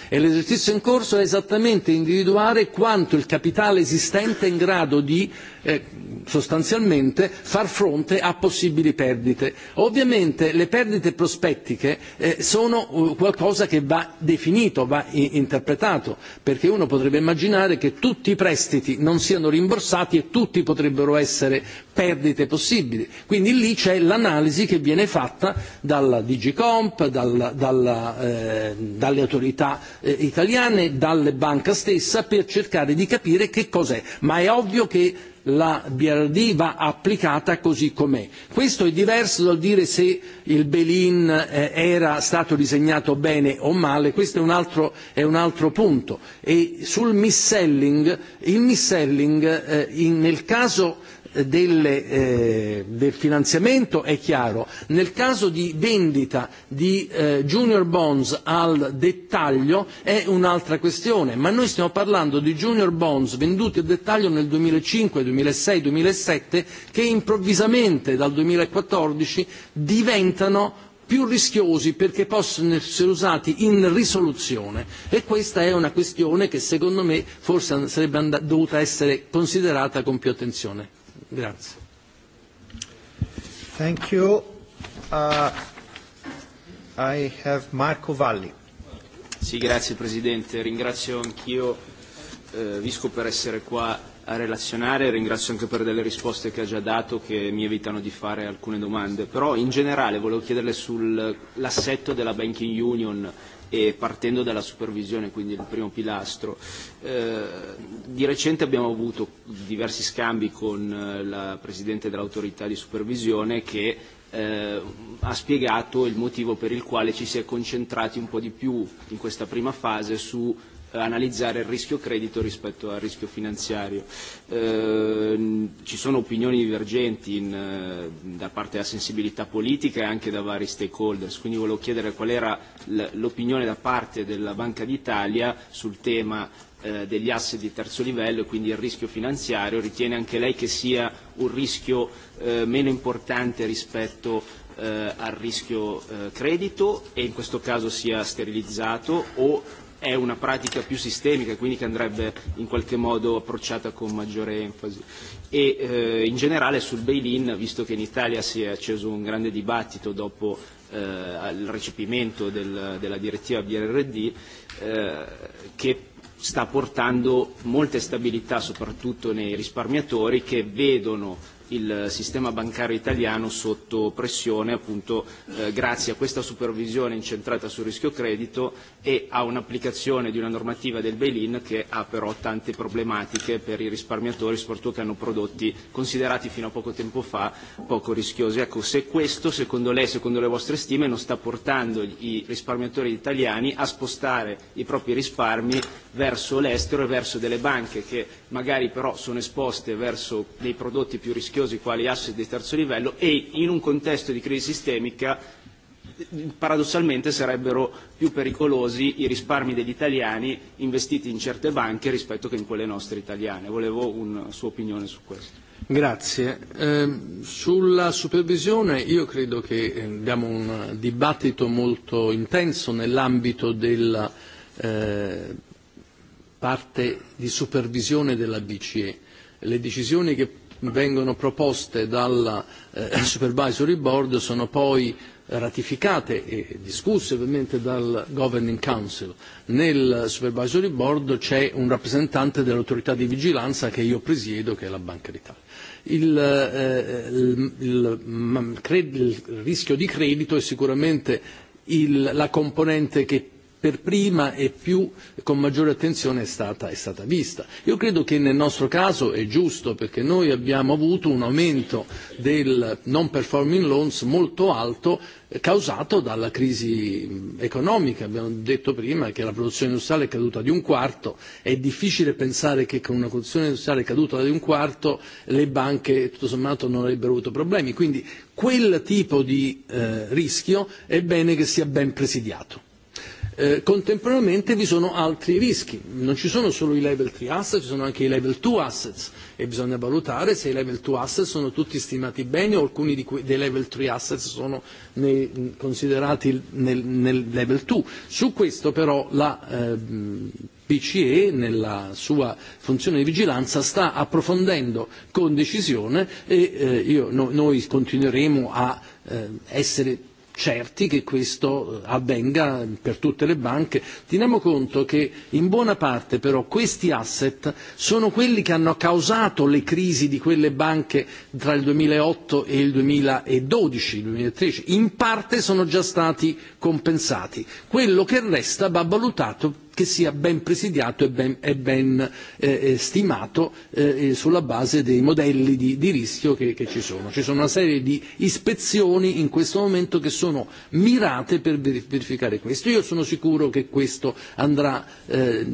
E l'esercizio in corso è esattamente individuare quanto il capitale esistente è in grado di eh, sostanzialmente far fronte a possibili perdite. Ovviamente le perdite prospettiche eh, sono qualcosa che va definito, va interpretato, perché uno potrebbe immaginare che tutti i prestiti non siano rimborsati e tutti potrebbero essere perdite possibili. Quindi lì c'è l'analisi che viene fatta dalla Digicomp, dalla, dalla, eh, dalle autorità eh, italiane, dalla banca stessa, per cercare di capire che cos'è. Ma è ovvio che la BRD va applicata così com'è. Questo è diverso dal dire se il Belin eh, era stato disegnato bene o male, questo è un altro, è un altro punto. E sul mis-selling, il mis-selling eh, in, nel caso delle, eh, del finanziamento è chiaro, nel caso di vendita di eh, junior bonds al dettaglio è un'altra questione, ma noi stiamo parlando di junior bonds venduti al dettaglio nel 2005, 2006, 2007 che improvvisamente dal 2014 diventano più rischiosi perché possono essere usati in risoluzione e questa è una questione che secondo me forse sarebbe dovuta essere considerata con più attenzione. Grazie. Thank you. Uh, I have Marco Valli. Sì, grazie Presidente. Ringrazio anch'io eh, Visco per essere qua a relazionare, ringrazio anche per delle risposte che ha già dato che mi evitano di fare alcune domande. Però in generale volevo chiederle sull'assetto della Banking Union e partendo dalla supervisione, quindi il primo pilastro. Eh, di recente abbiamo avuto diversi scambi con la Presidente dell'autorità di supervisione che eh, ha spiegato il motivo per il quale ci si è concentrati un po' di più in questa prima fase su analizzare il rischio credito rispetto al rischio finanziario. Eh, ci sono opinioni divergenti in, da parte della sensibilità politica e anche da vari stakeholders, quindi volevo chiedere qual era l'opinione da parte della Banca d'Italia sul tema eh, degli asset di terzo livello e quindi il rischio finanziario. Ritiene anche lei che sia un rischio eh, meno importante rispetto eh, al rischio eh, credito e in questo caso sia sterilizzato o è una pratica più sistemica, quindi che andrebbe in qualche modo approcciata con maggiore enfasi. E eh, in generale sul bail-in, visto che in Italia si è acceso un grande dibattito dopo eh, il recepimento del, della direttiva BRRD, eh, che sta portando molta stabilità soprattutto nei risparmiatori che vedono il sistema bancario italiano sotto pressione appunto eh, grazie a questa supervisione incentrata sul rischio credito e a un'applicazione di una normativa del bail-in che ha però tante problematiche per i risparmiatori, soprattutto che hanno prodotti considerati fino a poco tempo fa poco rischiosi. Ecco, se questo, secondo lei, secondo le vostre stime, non sta portando i risparmiatori italiani a spostare i propri risparmi verso l'estero e verso delle banche che magari però sono esposte verso dei prodotti più rischiosi rischiosi quali asset di terzo livello e in un contesto di crisi sistemica paradossalmente sarebbero più pericolosi i risparmi degli italiani investiti in certe banche rispetto che in quelle nostre italiane. Volevo una sua opinione su questo. Grazie. Sulla supervisione io credo che abbiamo un dibattito molto intenso nell'ambito della parte di supervisione della BCE. Le decisioni che vengono proposte dal Supervisory Board sono poi ratificate e discusse ovviamente dal Governing Council. Nel Supervisory Board c'è un rappresentante dell'autorità di vigilanza che io presiedo, che è la Banca d'Italia. Il, eh, il, il, il rischio di credito è sicuramente il, la componente che per prima e più, con maggiore attenzione è stata, è stata vista. Io credo che nel nostro caso è giusto perché noi abbiamo avuto un aumento del non performing loans molto alto causato dalla crisi economica. Abbiamo detto prima che la produzione industriale è caduta di un quarto, è difficile pensare che con una produzione industriale caduta di un quarto le banche tutto sommato non avrebbero avuto problemi. Quindi quel tipo di rischio è bene che sia ben presidiato contemporaneamente vi sono altri rischi, non ci sono solo i level 3 assets, ci sono anche i level 2 assets e bisogna valutare se i level 2 assets sono tutti stimati bene o alcuni di que- dei level 3 assets sono nei, considerati nel, nel level 2. Su questo però la eh, BCE nella sua funzione di vigilanza sta approfondendo con decisione e eh, io, no, noi continueremo a eh, essere certi che questo avvenga per tutte le banche. Teniamo conto che in buona parte però questi asset sono quelli che hanno causato le crisi di quelle banche tra il 2008 e il 2012, 2013. In parte sono già stati compensati. Quello che resta va valutato che sia ben presidiato e ben, e ben eh, stimato eh, sulla base dei modelli di, di rischio che, che ci sono. Ci sono una serie di ispezioni in questo momento che sono mirate per verificare questo. Io sono sicuro che questo andrà eh,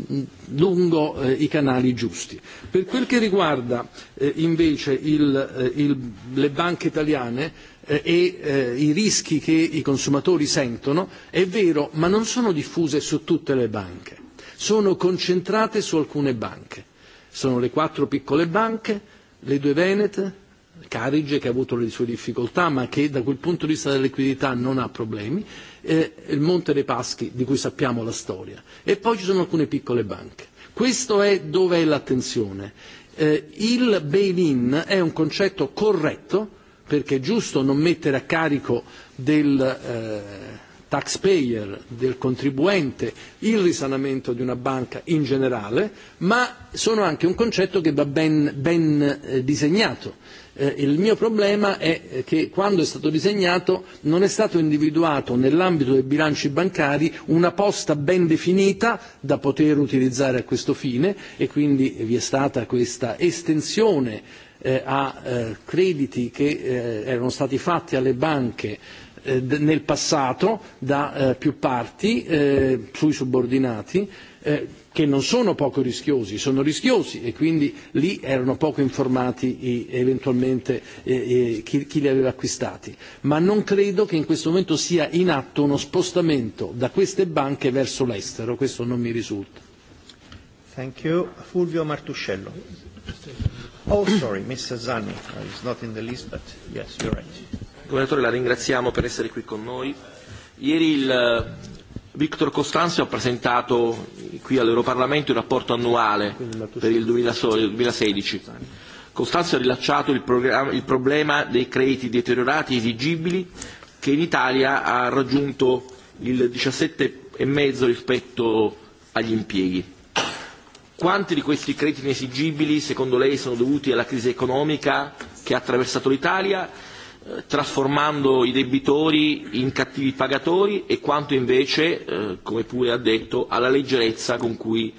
lungo eh, i canali giusti. Per quel che riguarda eh, invece il, eh, il, le banche italiane, e i rischi che i consumatori sentono è vero, ma non sono diffuse su tutte le banche, sono concentrate su alcune banche. Sono le quattro piccole banche, le due venete, Carige che ha avuto le sue difficoltà ma che da quel punto di vista della liquidità non ha problemi, eh, il Monte dei Paschi di cui sappiamo la storia e poi ci sono alcune piccole banche. Questo è dove è l'attenzione. Eh, il bail-in è un concetto corretto perché è giusto non mettere a carico del taxpayer, del contribuente, il risanamento di una banca in generale, ma sono anche un concetto che va ben, ben eh, disegnato. Eh, il mio problema è che quando è stato disegnato non è stato individuato nell'ambito dei bilanci bancari una posta ben definita da poter utilizzare a questo fine e quindi vi è stata questa estensione a crediti che erano stati fatti alle banche nel passato da più parti sui subordinati che non sono poco rischiosi, sono rischiosi e quindi lì erano poco informati eventualmente chi, chi li aveva acquistati. Ma non credo che in questo momento sia in atto uno spostamento da queste banche verso l'estero, questo non mi risulta. Thank you. Fulvio Martuscello. Oh, sorry, Mr. Zanni. not in the list, but yes, you're right. Governatore, la ringraziamo per essere qui con noi. Ieri il Victor Costanzo ha presentato qui all'Europarlamento il rapporto annuale per il 2016. Costanzo ha rilacciato il, il problema dei crediti deteriorati esigibili che in Italia ha raggiunto il 17,5 rispetto agli impieghi. Quanti di questi crediti inesigibili, secondo lei, sono dovuti alla crisi economica che ha attraversato l'Italia, trasformando i debitori in cattivi pagatori e quanto invece, come pure ha detto, alla leggerezza con cui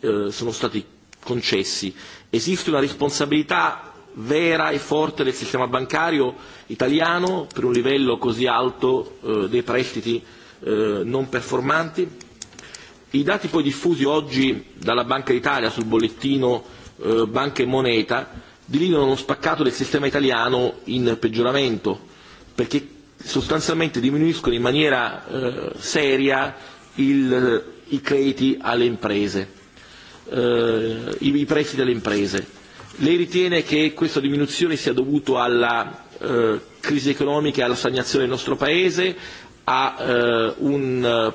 sono stati concessi. Esiste una responsabilità vera e forte del sistema bancario italiano per un livello così alto dei prestiti non performanti? I dati poi diffusi oggi dalla Banca d'Italia sul bollettino eh, Banca e Moneta delineano uno spaccato del sistema italiano in peggioramento, perché sostanzialmente diminuiscono in maniera eh, seria il, i crediti alle imprese, eh, i, i prestiti alle imprese. Lei ritiene che questa diminuzione sia dovuta alla eh, crisi economica e alla stagnazione del nostro Paese, a eh, un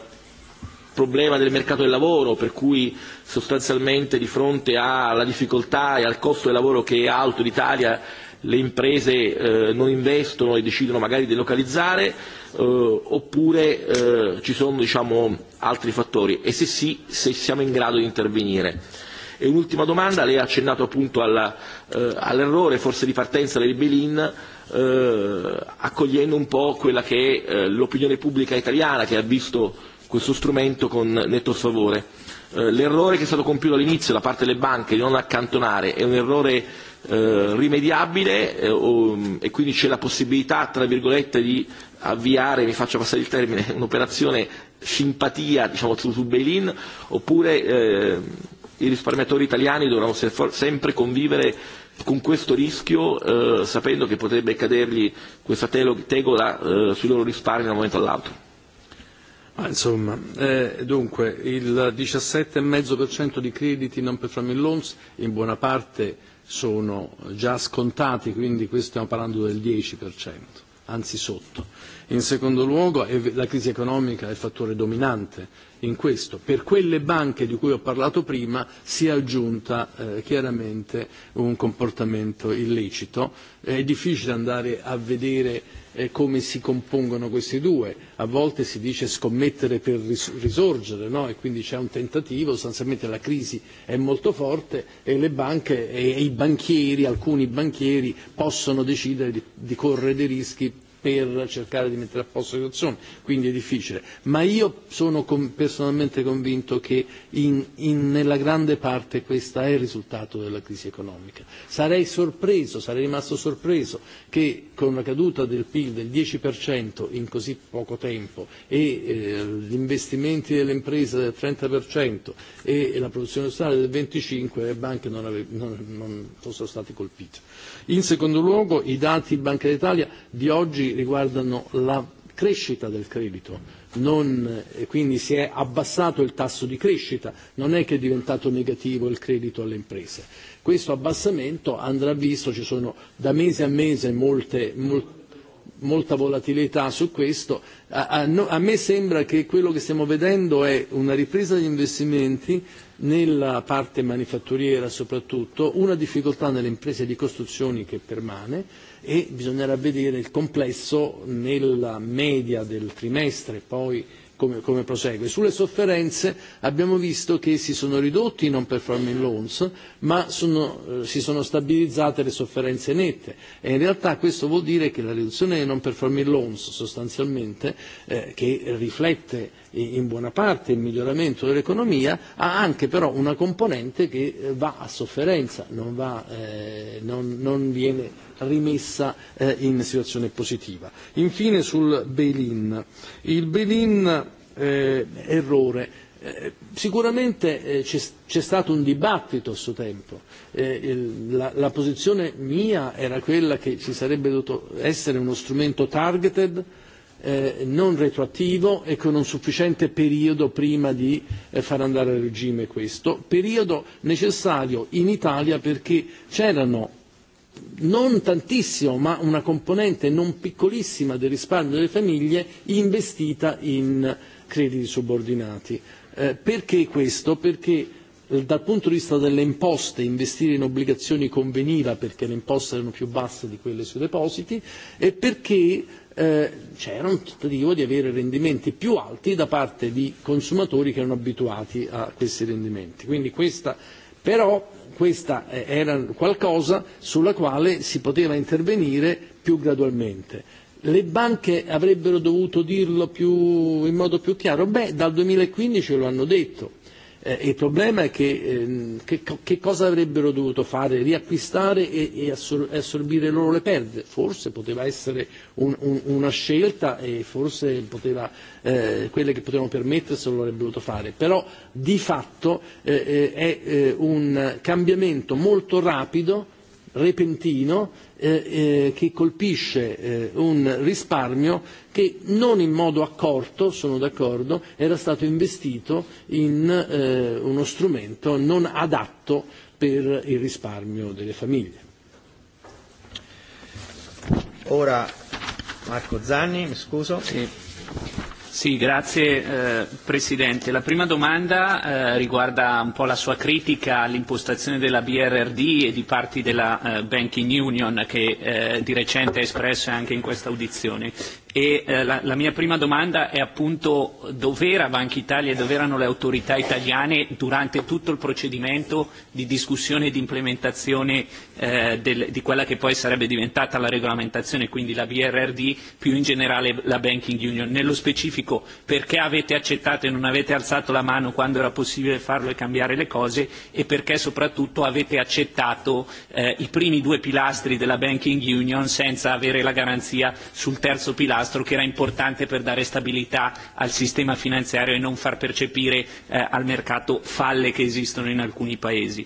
problema del mercato del lavoro, per cui sostanzialmente di fronte alla difficoltà e al costo del lavoro che è alto in Italia le imprese eh, non investono e decidono magari di localizzare, eh, oppure eh, ci sono diciamo, altri fattori e se sì, se siamo in grado di intervenire. E un'ultima domanda, lei ha accennato appunto alla, eh, all'errore forse di partenza del Belin eh, accogliendo un po' quella che è eh, l'opinione pubblica italiana che ha visto questo strumento con netto sfavore. L'errore che è stato compiuto all'inizio da parte delle banche di non accantonare è un errore eh, rimediabile eh, o, e quindi c'è la possibilità, tra virgolette, di avviare, mi faccia passare il termine, un'operazione simpatia diciamo, su, su bail oppure eh, i risparmiatori italiani dovranno se, sempre convivere con questo rischio eh, sapendo che potrebbe cadergli questa tegola eh, sui loro risparmi da un momento all'altro. Ma insomma, eh, dunque il 17,5% di crediti non performing loans in buona parte sono già scontati, quindi qui stiamo parlando del 10%, anzi sotto. In secondo luogo la crisi economica è il fattore dominante in questo. Per quelle banche di cui ho parlato prima si è aggiunta eh, chiaramente un comportamento illecito. È difficile andare a vedere come si compongono questi due. A volte si dice scommettere per risorgere no? e quindi c'è un tentativo, sostanzialmente la crisi è molto forte e le banche e i banchieri, alcuni banchieri possono decidere di, di correre dei rischi per cercare di mettere a posto le situazioni, quindi è difficile. Ma io sono com- personalmente convinto che in, in, nella grande parte questo è il risultato della crisi economica. Sarei sorpreso, sarei rimasto sorpreso che con una caduta del PIL del 10% in così poco tempo e eh, gli investimenti delle imprese del 30% e la produzione industriale del 25% le banche non, ave- non, non fossero state colpite In secondo luogo i dati Banca d'Italia di oggi riguardano la crescita del credito, non, e quindi si è abbassato il tasso di crescita, non è che è diventato negativo il credito alle imprese. Questo abbassamento andrà visto, ci sono da mese a mese molte, molta volatilità su questo. A, a, a me sembra che quello che stiamo vedendo è una ripresa degli investimenti nella parte manifatturiera soprattutto, una difficoltà nelle imprese di costruzioni che permane e bisognerà vedere il complesso nella media del trimestre poi come, come prosegue. Sulle sofferenze abbiamo visto che si sono ridotti i non performing loans, ma sono, eh, si sono stabilizzate le sofferenze nette e in realtà questo vuol dire che la riduzione dei non performing loans sostanzialmente, eh, che riflette in buona parte il miglioramento dell'economia, ha anche però una componente che va a sofferenza, non, va, eh, non, non viene rimessa eh, in situazione positiva. Infine sul bail-in. Il bail-in eh, errore. Eh, sicuramente eh, c'è stato un dibattito a suo tempo. Eh, il, la, la posizione mia era quella che ci sarebbe dovuto essere uno strumento targeted eh, non retroattivo e con un sufficiente periodo prima di eh, far andare a regime questo, periodo necessario in Italia perché c'erano non tantissimo, ma una componente non piccolissima del risparmio delle famiglie investita in crediti subordinati. Eh, perché questo? Perché dal punto di vista delle imposte investire in obbligazioni conveniva perché le imposte erano più basse di quelle sui depositi e perché eh, c'era un tentativo di avere rendimenti più alti da parte di consumatori che erano abituati a questi rendimenti. Quindi questa però questa era qualcosa sulla quale si poteva intervenire più gradualmente. Le banche avrebbero dovuto dirlo più, in modo più chiaro? Beh, dal 2015 lo hanno detto Eh, il problema è che, eh, che, che cosa avrebbero dovuto fare? Riacquistare e, e assor- assorbire loro le perdite? Forse poteva essere un, un, una scelta e forse poteva, eh, quelle che potevano permetterselo lo avrebbero dovuto fare, però di fatto eh, eh, è eh, un cambiamento molto rapido repentino che colpisce un risparmio che non in modo accorto, sono d'accordo, era stato investito in uno strumento non adatto per il risparmio delle famiglie. Ora Marco Zanni, mi scuso. Sì. Sì, grazie eh, Presidente. La prima domanda eh, riguarda un po' la sua critica all'impostazione della BRRD e di parti della eh, Banking Union che eh, di recente ha espresso anche in questa audizione. E eh, la, la mia prima domanda è appunto dov'era Banca Italia e dove erano le autorità italiane durante tutto il procedimento di discussione e di implementazione eh, del, di quella che poi sarebbe diventata la regolamentazione, quindi la BRRD, più in generale la Banking Union. Nello specifico perché avete accettato e non avete alzato la mano quando era possibile farlo e cambiare le cose e perché soprattutto avete accettato eh, i primi due pilastri della Banking Union senza avere la garanzia sul terzo pilastro disastro che era importante per dare stabilità al sistema finanziario e non far percepire al mercato falle che esistono in alcuni paesi.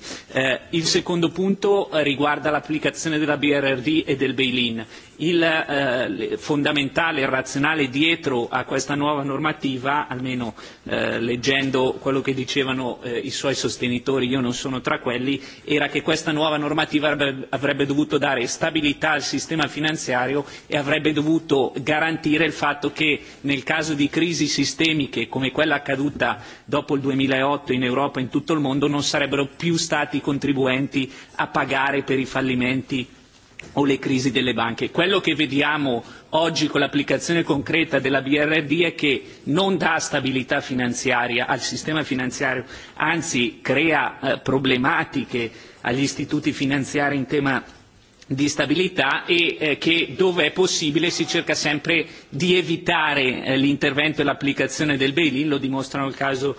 il secondo punto riguarda l'applicazione della BRRD e del bail in il fondamentale e razionale dietro a questa nuova normativa, almeno leggendo quello che dicevano i suoi sostenitori, io non sono tra quelli, era che questa nuova normativa avrebbe dovuto dare stabilità al sistema finanziario e avrebbe dovuto garantire il fatto che nel caso di crisi sistemiche come quella accaduta dopo il duemilaotto in Europa e in tutto il mondo non sarebbero più stati i contribuenti a pagare per i fallimenti o le crisi delle banche. Quello che vediamo oggi con l'applicazione concreta della BRD è che non dà stabilità finanziaria al sistema finanziario, anzi crea problematiche agli istituti finanziari in tema di stabilità e che dove è possibile si cerca sempre di evitare l'intervento e l'applicazione del bail-in, lo dimostrano il caso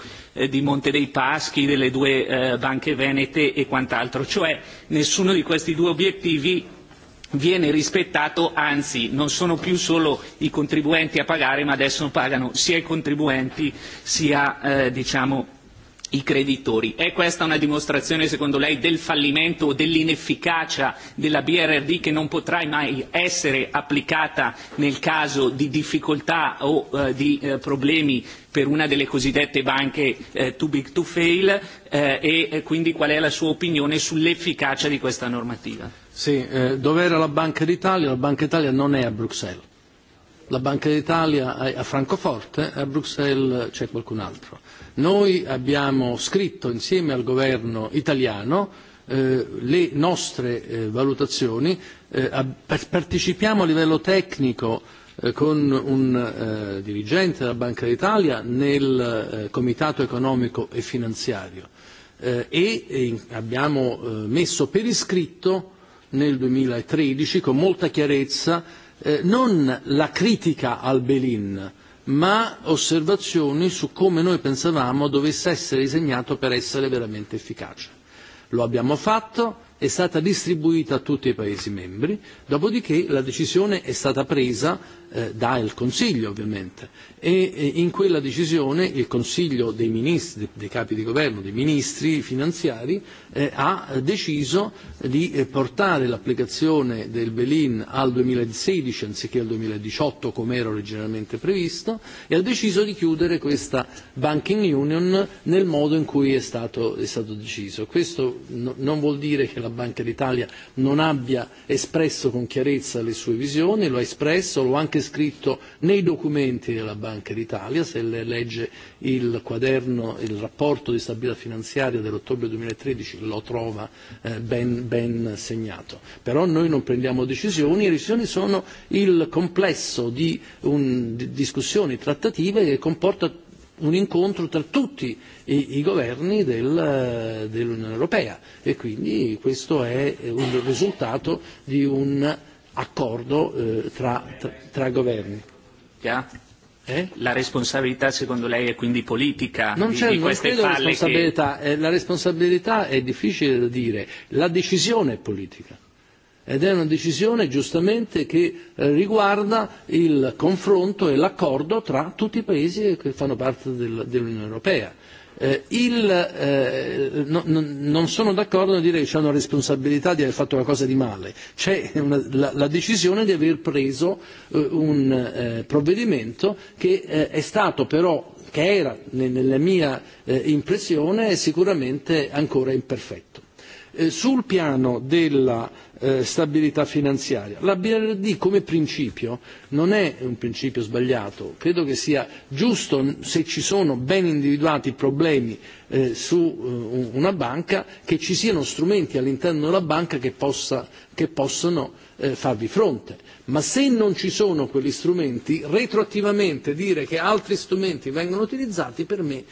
di Monte dei Paschi, delle due banche venete e quant'altro. Cioè nessuno di questi due obiettivi viene rispettato, anzi non sono più solo i contribuenti a pagare, ma adesso pagano sia i contribuenti sia diciamo, i creditori. È questa una dimostrazione, secondo lei, del fallimento o dell'inefficacia della BRRD che non potrà mai essere applicata nel caso di difficoltà o di problemi per una delle cosiddette banche too big to fail e quindi qual è la sua opinione sull'efficacia di questa normativa? Sì, eh, la Banca d'Italia? La Banca d'Italia non è a Bruxelles. La Banca d'Italia è a Francoforte, a Bruxelles c'è qualcun altro. Noi abbiamo scritto insieme al governo italiano eh, le nostre eh, valutazioni, eh, a, partecipiamo a livello tecnico eh, con un eh, dirigente della Banca d'Italia nel eh, Comitato economico e finanziario eh, e, e abbiamo eh, messo per iscritto nel 2013 con molta chiarezza non la critica al Belin, ma osservazioni su come noi pensavamo dovesse essere disegnato per essere veramente efficace. Lo abbiamo fatto, è stata distribuita a tutti i Paesi membri, dopodiché la decisione è stata presa dà il Consiglio ovviamente e in quella decisione il Consiglio dei Ministri, dei capi di governo, dei ministri finanziari ha deciso di portare l'applicazione del Belin al 2016 anziché al 2018 come era originariamente previsto e ha deciso di chiudere questa Banking Union nel modo in cui è stato, è stato deciso. Questo non vuol dire che la Banca d'Italia non abbia espresso con chiarezza le sue visioni, lo ha espresso, lo ha anche scritto nei documenti della Banca d'Italia, se legge il quaderno, il rapporto di stabilità finanziaria dell'ottobre 2013 lo trova eh, ben, ben segnato. Però noi non prendiamo decisioni, le decisioni sono il complesso di, un, di discussioni trattative che comporta un incontro tra tutti i, i governi del, dell'Unione Europea e quindi questo è un risultato di un accordo eh, tra, tra, tra governi. Yeah. Eh? La responsabilità secondo lei è quindi politica? Non c'è, di non falle responsabilità, che... eh, la responsabilità è difficile da dire, la decisione è politica ed è una decisione giustamente che riguarda il confronto e l'accordo tra tutti i paesi che fanno parte dell'Unione Europea eh, il, eh, no, no, non sono d'accordo nel dire che hanno una responsabilità di aver fatto qualcosa di male, c'è una, la, la decisione di aver preso eh, un eh, provvedimento che eh, è stato però che era, nella mia eh, impressione, sicuramente ancora imperfetto. Eh, sul piano della stabilità finanziaria. La BRD come principio non è un principio sbagliato, credo che sia giusto se ci sono ben individuati problemi su una banca che ci siano strumenti all'interno della banca che, possa, che farvi fronte. Ma se non ci sono quegli strumenti, retroattivamente dire che altri strumenti vengono utilizzati per me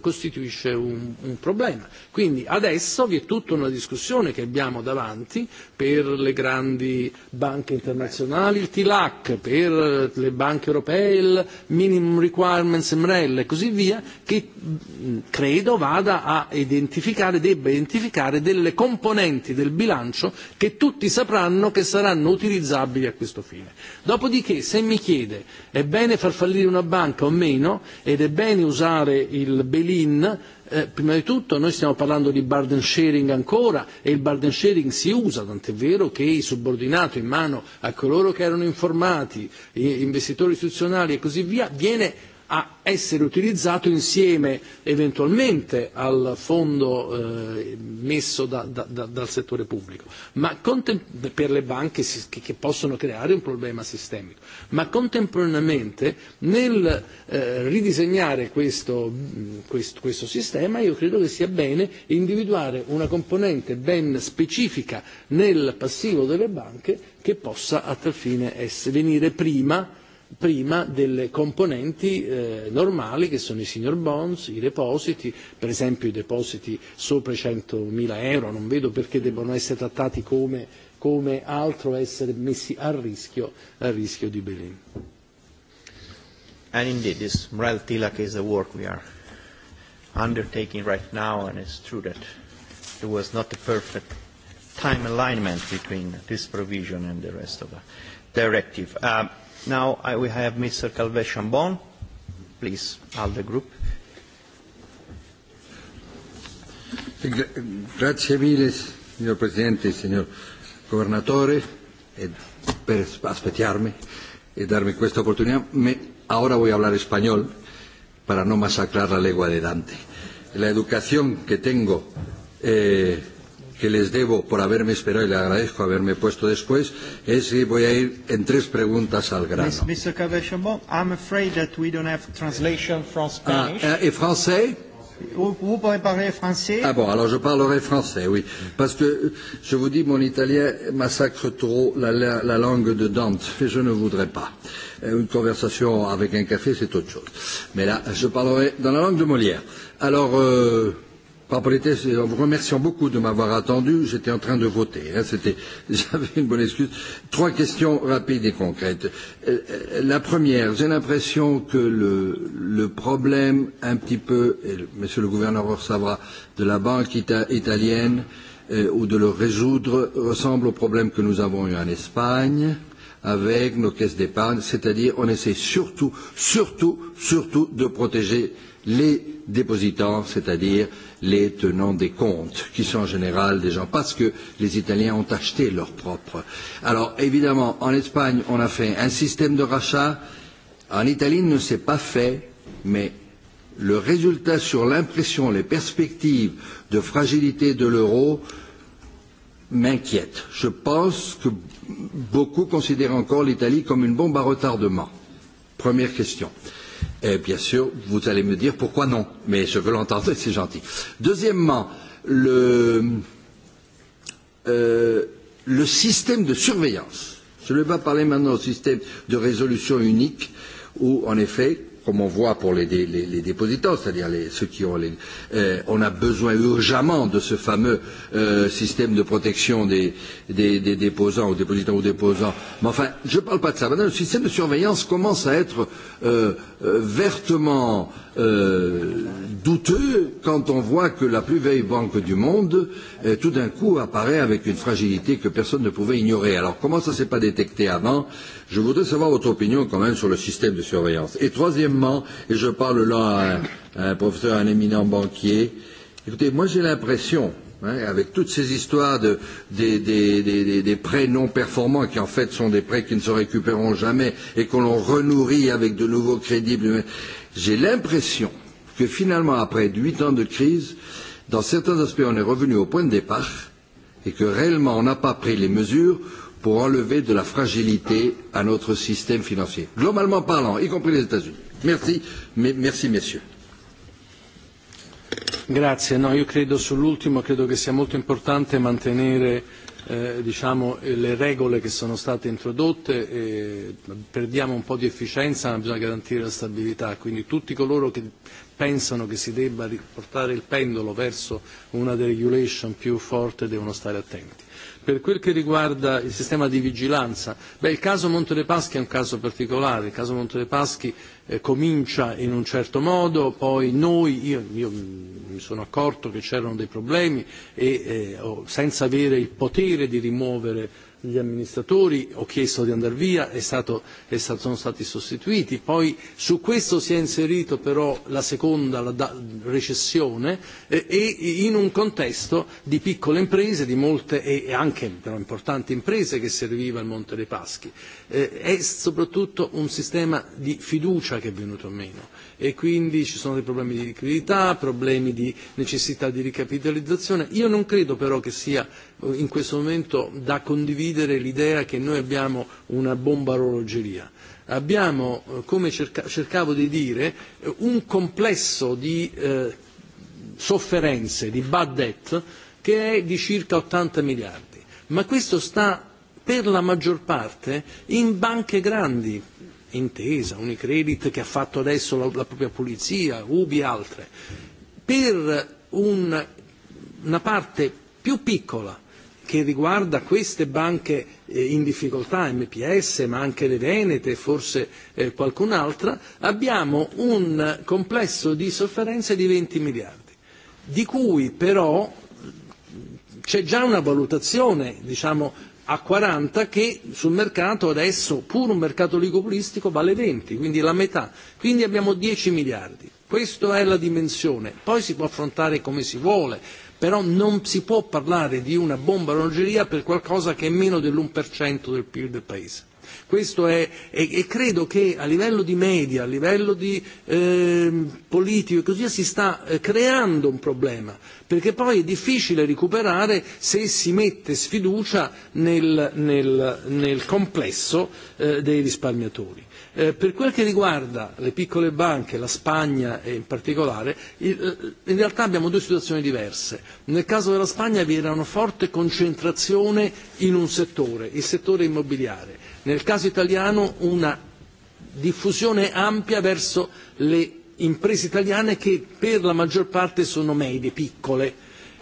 costituisce un, problema. Quindi adesso vi è tutta una discussione che abbiamo davanti per le grandi banche internazionali, il TILAC, per le banche europee, il Minimum Requirements MREL e così via, che credo vada a identificare, debba identificare delle componenti del bilancio che tutti sapranno che saranno utilizzabili a questo fine. Dopodiché se mi chiede è bene far fallire una banca o meno ed è bene usare il bail-in eh, prima di tutto noi stiamo parlando di burden sharing ancora e il burden sharing si usa, tant'è vero che il subordinato in mano a coloro che erano informati, investitori istituzionali e così via, viene a essere utilizzato insieme eventualmente al fondo eh, messo da, da, da, dal settore pubblico, ma per le banche si, che, che possono creare un problema sistemico, ma contemporaneamente nel eh, ridisegnare questo, questo, questo sistema io credo che sia bene individuare una componente ben specifica nel passivo delle banche che possa a tal fine essere, venire prima prima delle componenti eh, normali che sono i senior bonds, i depositi, per esempio i depositi sopra i 100.000 euro, non vedo perché debbano essere trattati come, come altro essere messi a rischio, a rischio di Belin. And indeed, this Morel Tilak is the work we are undertaking right now, and it's true that there was not a perfect time alignment between this provision and the rest of the directive. Uh, Now I will have Mr. Calvet Chambon, please, ALDE Group. Grazie mille, signor Presidente, signor Governatore, per aspettarme y darme esta oportunidad. ahora voy a hablar español para no masacrar la lengua de Dante. La educación que tengo eh, que les debo por haberme esperado y le agradezco haberme puesto después es que voy a ir en tres preguntas al grano. Mr. I'm afraid that we don't have translation from Spanish. Ah, ¿Et français? Vous pouvez parler français Ah bon, alors je parlerai français, oui. Parce que je vous dis, mon italien massacre trop la, la, la langue de Dante, et je ne voudrais pas. Une conversation avec un café, c'est autre chose. Mais là, je parlerai dans la langue de Molière. Alors, euh, par politesse, en vous remerciant beaucoup de m'avoir attendu, j'étais en train de voter. Hein, c'était, j'avais une bonne excuse. Trois questions rapides et concrètes. La première, j'ai l'impression que le, le problème un petit peu, et Monsieur le gouverneur savra, de la banque ita, italienne euh, ou de le résoudre ressemble au problème que nous avons eu en Espagne avec nos caisses d'épargne, c'est-à-dire on essaie surtout, surtout, surtout de protéger euh, les dépositants, c'est-à-dire les tenants des comptes, qui sont en général des gens, parce que les Italiens ont acheté leurs propres. Alors évidemment, en Espagne, on a fait un système de rachat, en Italie, il ne s'est pas fait, mais le résultat sur l'impression, les perspectives de fragilité de l'euro m'inquiète. Je pense que beaucoup considèrent encore l'Italie comme une bombe à retardement. Première question. Euh, bien sûr, vous allez me dire pourquoi non, mais je veux l'entendre, c'est gentil. Deuxièmement, le, euh, le système de surveillance. Je ne vais pas parler maintenant au système de résolution unique, où en effet, comme on voit pour les, les, les dépositants, c'est-à-dire ceux qui ont les, euh, on a besoin urgemment de ce fameux euh, système de protection des, des, des déposants ou dépositants ou déposants. Mais enfin, je ne parle pas de ça. Maintenant, le système de surveillance commence à être euh, euh, vertement douteux quand on voit que la plus vieille banque du monde, tout d'un coup, apparaît avec une fragilité que personne ne pouvait ignorer. Alors comment ça ne s'est pas détecté avant Je voudrais savoir votre opinion quand même sur le système de surveillance. Et troisièmement, et je parle là à un, à un professeur, un éminent banquier, écoutez, moi j'ai l'impression, hein, avec toutes ces histoires de, des, des, des, des, des prêts non performants qui en fait sont des prêts qui ne se récupéreront jamais et qu'on l'on renourrit avec de nouveaux crédits. J'ai l'impression que finalement, après huit ans de crise, dans certains aspects, on est revenu au point de départ et que réellement, on n'a pas pris les mesures pour enlever de la fragilité à notre système financier, globalement parlant, y compris les États-Unis. Merci, merci messieurs. Grazie, no, io credo sull'ultimo, credo che sia molto importante mantenere diciamo, le regole che sono state introdotte, e perdiamo un po' di efficienza ma bisogna garantire la stabilità, quindi tutti coloro che pensano che si debba portare il pendolo verso una deregulation più forte devono stare attenti. Per quel che riguarda il sistema di vigilanza, beh, il caso Monte dei Paschi è un caso particolare, il caso Monte dei Paschi eh, comincia in un certo modo, poi noi, io, io mi sono accorto che c'erano dei problemi e eh, senza avere il potere di rimuovere gli amministratori, ho chiesto di andare via, è stato, è stato, sono stati sostituiti. Poi su questo si è inserito però la seconda la da, recessione eh, e in un contesto di piccole imprese, di molte e anche però importanti imprese che serviva il Monte dei Paschi. Eh, è soprattutto un sistema di fiducia che è venuto meno e quindi ci sono dei problemi di liquidità, problemi di necessità di ricapitalizzazione. Io non credo però che sia in questo momento da condividere l'idea che noi abbiamo una bomba orologeria. Abbiamo, come cerca, cercavo di dire, un complesso di eh, sofferenze, di bad debt, che è di circa 80 miliardi. Ma questo sta per la maggior parte in banche grandi, Intesa, Unicredit che ha fatto adesso la, la propria pulizia, Ubi e altre, per un, una parte più piccola che riguarda queste banche in difficoltà, MPS, ma anche le Venete e forse qualcun'altra, abbiamo un complesso di sofferenze di 20 miliardi, di cui però c'è già una valutazione, diciamo, a 40 che sul mercato adesso, pur un mercato oligopolistico, vale 20, quindi la metà. Quindi abbiamo 10 miliardi. Questa è la dimensione. Poi si può affrontare come si vuole, però non si può parlare di una bomba orologeria per qualcosa che è meno dell'1% del PIL del Paese. Questo è, e, e credo che a livello di media, a livello di eh, politico e così via si sta eh, creando un problema, perché poi è difficile recuperare se si mette sfiducia nel, nel, nel complesso eh, dei risparmiatori per quel che riguarda le piccole banche, la Spagna in particolare, in realtà abbiamo due situazioni diverse. Nel caso della Spagna vi era una forte concentrazione in un settore, il settore immobiliare. Nel caso italiano una diffusione ampia verso le imprese italiane che per la maggior parte sono medie, piccole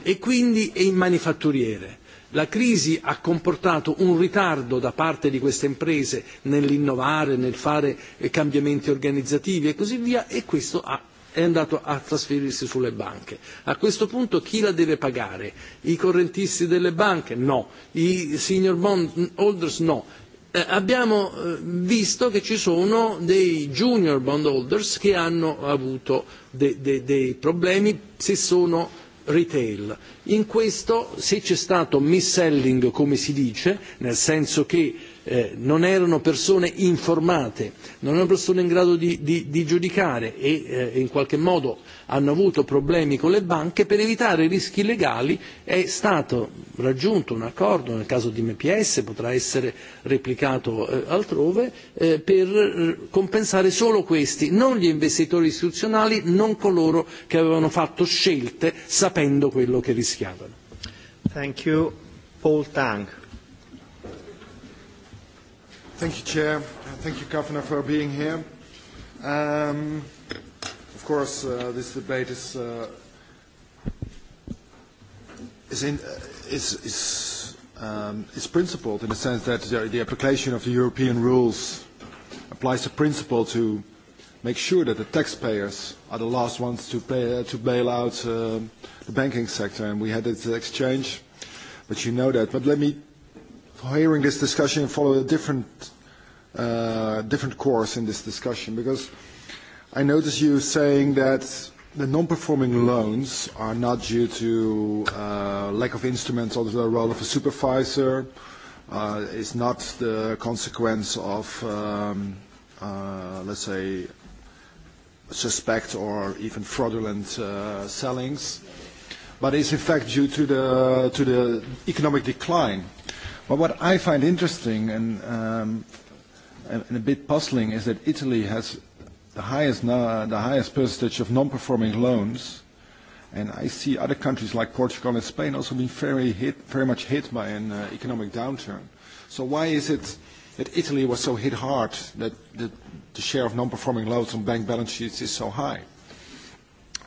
e quindi in manifatturiere La crisi ha comportato un ritardo da parte di queste imprese nell'innovare, nel fare cambiamenti organizzativi e così via e questo ha è andato a trasferirsi sulle banche. A questo punto chi la deve pagare? I correntisti delle banche? No. I senior bond holders? No. Eh, abbiamo visto che ci sono dei junior bond holders che hanno avuto de- de- dei problemi se sono retail. In questo, se c'è stato mis-selling, come si dice, nel senso che non erano persone informate, non erano persone in grado di, di, di giudicare e eh, in qualche modo hanno avuto problemi con le banche, per evitare rischi legali è stato raggiunto un accordo, nel caso di MPS potrà essere replicato eh, altrove, eh, per compensare solo questi, non gli investitori istituzionali, non coloro che avevano fatto scelte sapendo quello che rischiavano. Thank you. Paul Tang. Thank you, Chair. Thank you, Governor, for being here. Um, of course, uh, this debate is uh, is, in, uh, is, is, um, is principled in the sense that the, the application of the European rules applies the principle to make sure that the taxpayers are the last ones to, pay, uh, to bail out uh, the banking sector. And we had this exchange, but you know that. But let me hearing this discussion follow a different uh, different course in this discussion because I notice you saying that the non-performing loans are not due to uh, lack of instruments or the role of a supervisor. Uh, it's not the consequence of, um, uh, let's say, suspect or even fraudulent uh, sellings, but is in fact due to the to the economic decline. But what I find interesting and um, and a bit puzzling is that Italy has the highest, the highest percentage of non-performing loans, and I see other countries like Portugal and Spain also being very hit, very much hit by an uh, economic downturn. So why is it that Italy was so hit hard that, the the share of non-performing loans on bank balance sheets is so high?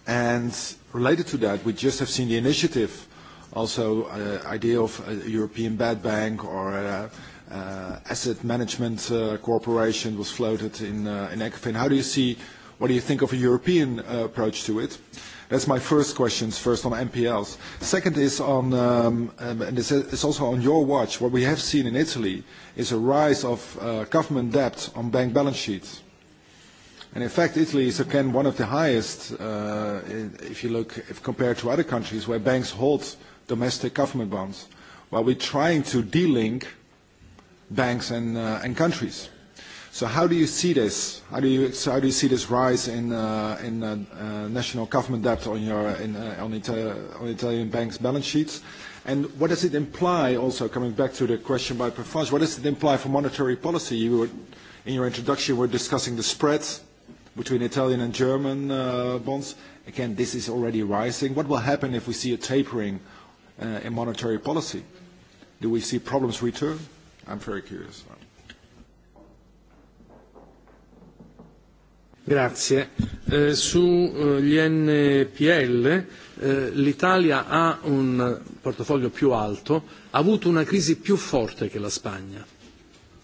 And related to that, we just have seen the initiative, also uh, idea of a European bad bank or uh, asset management corporation was floated in Ecofin. How do you see, what do you think of a European approach to it? That's my first question, first on NPLs. Second is on, and this is also on your watch, what we have seen in Italy is a rise of government debt on bank balance sheets. And in fact, Italy is again one of the highest, if you look, if compared to other countries where banks hold domestic government bonds. While we're trying to de-link banks and, uh, and countries. So how do you see this? How do you, how do you see this rise in, uh, in uh, uh, national government debt on, your, in, uh, on, Itali- on Italian banks' balance sheets? And what does it imply, also coming back to the question by Prefange, what does it imply for monetary policy? You were, in your introduction, were discussing the spreads between Italian and German uh, bonds. Again, this is already rising. What will happen if we see a tapering uh, in monetary policy? Do we see problems return? I'm very curious. Grazie. Eh, Sugli NPL eh, l'Italia ha un portafoglio più alto, ha avuto una crisi più forte che la Spagna,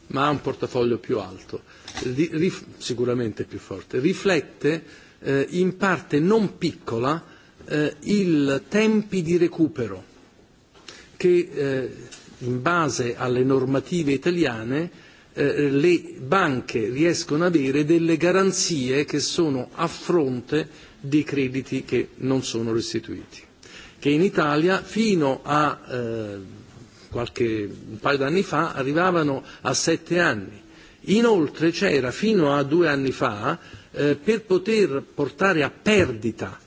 ma ha un portafoglio più alto, ri, ri, sicuramente più forte. Riflette eh, in parte non piccola eh, i tempi di recupero che eh, in base alle normative italiane le banche riescono ad avere delle garanzie che sono a fronte di crediti che non sono restituiti, che in Italia fino a qualche un paio d'anni fa arrivavano a sette anni. Inoltre c'era fino a due anni fa, eh, per poter portare a perdita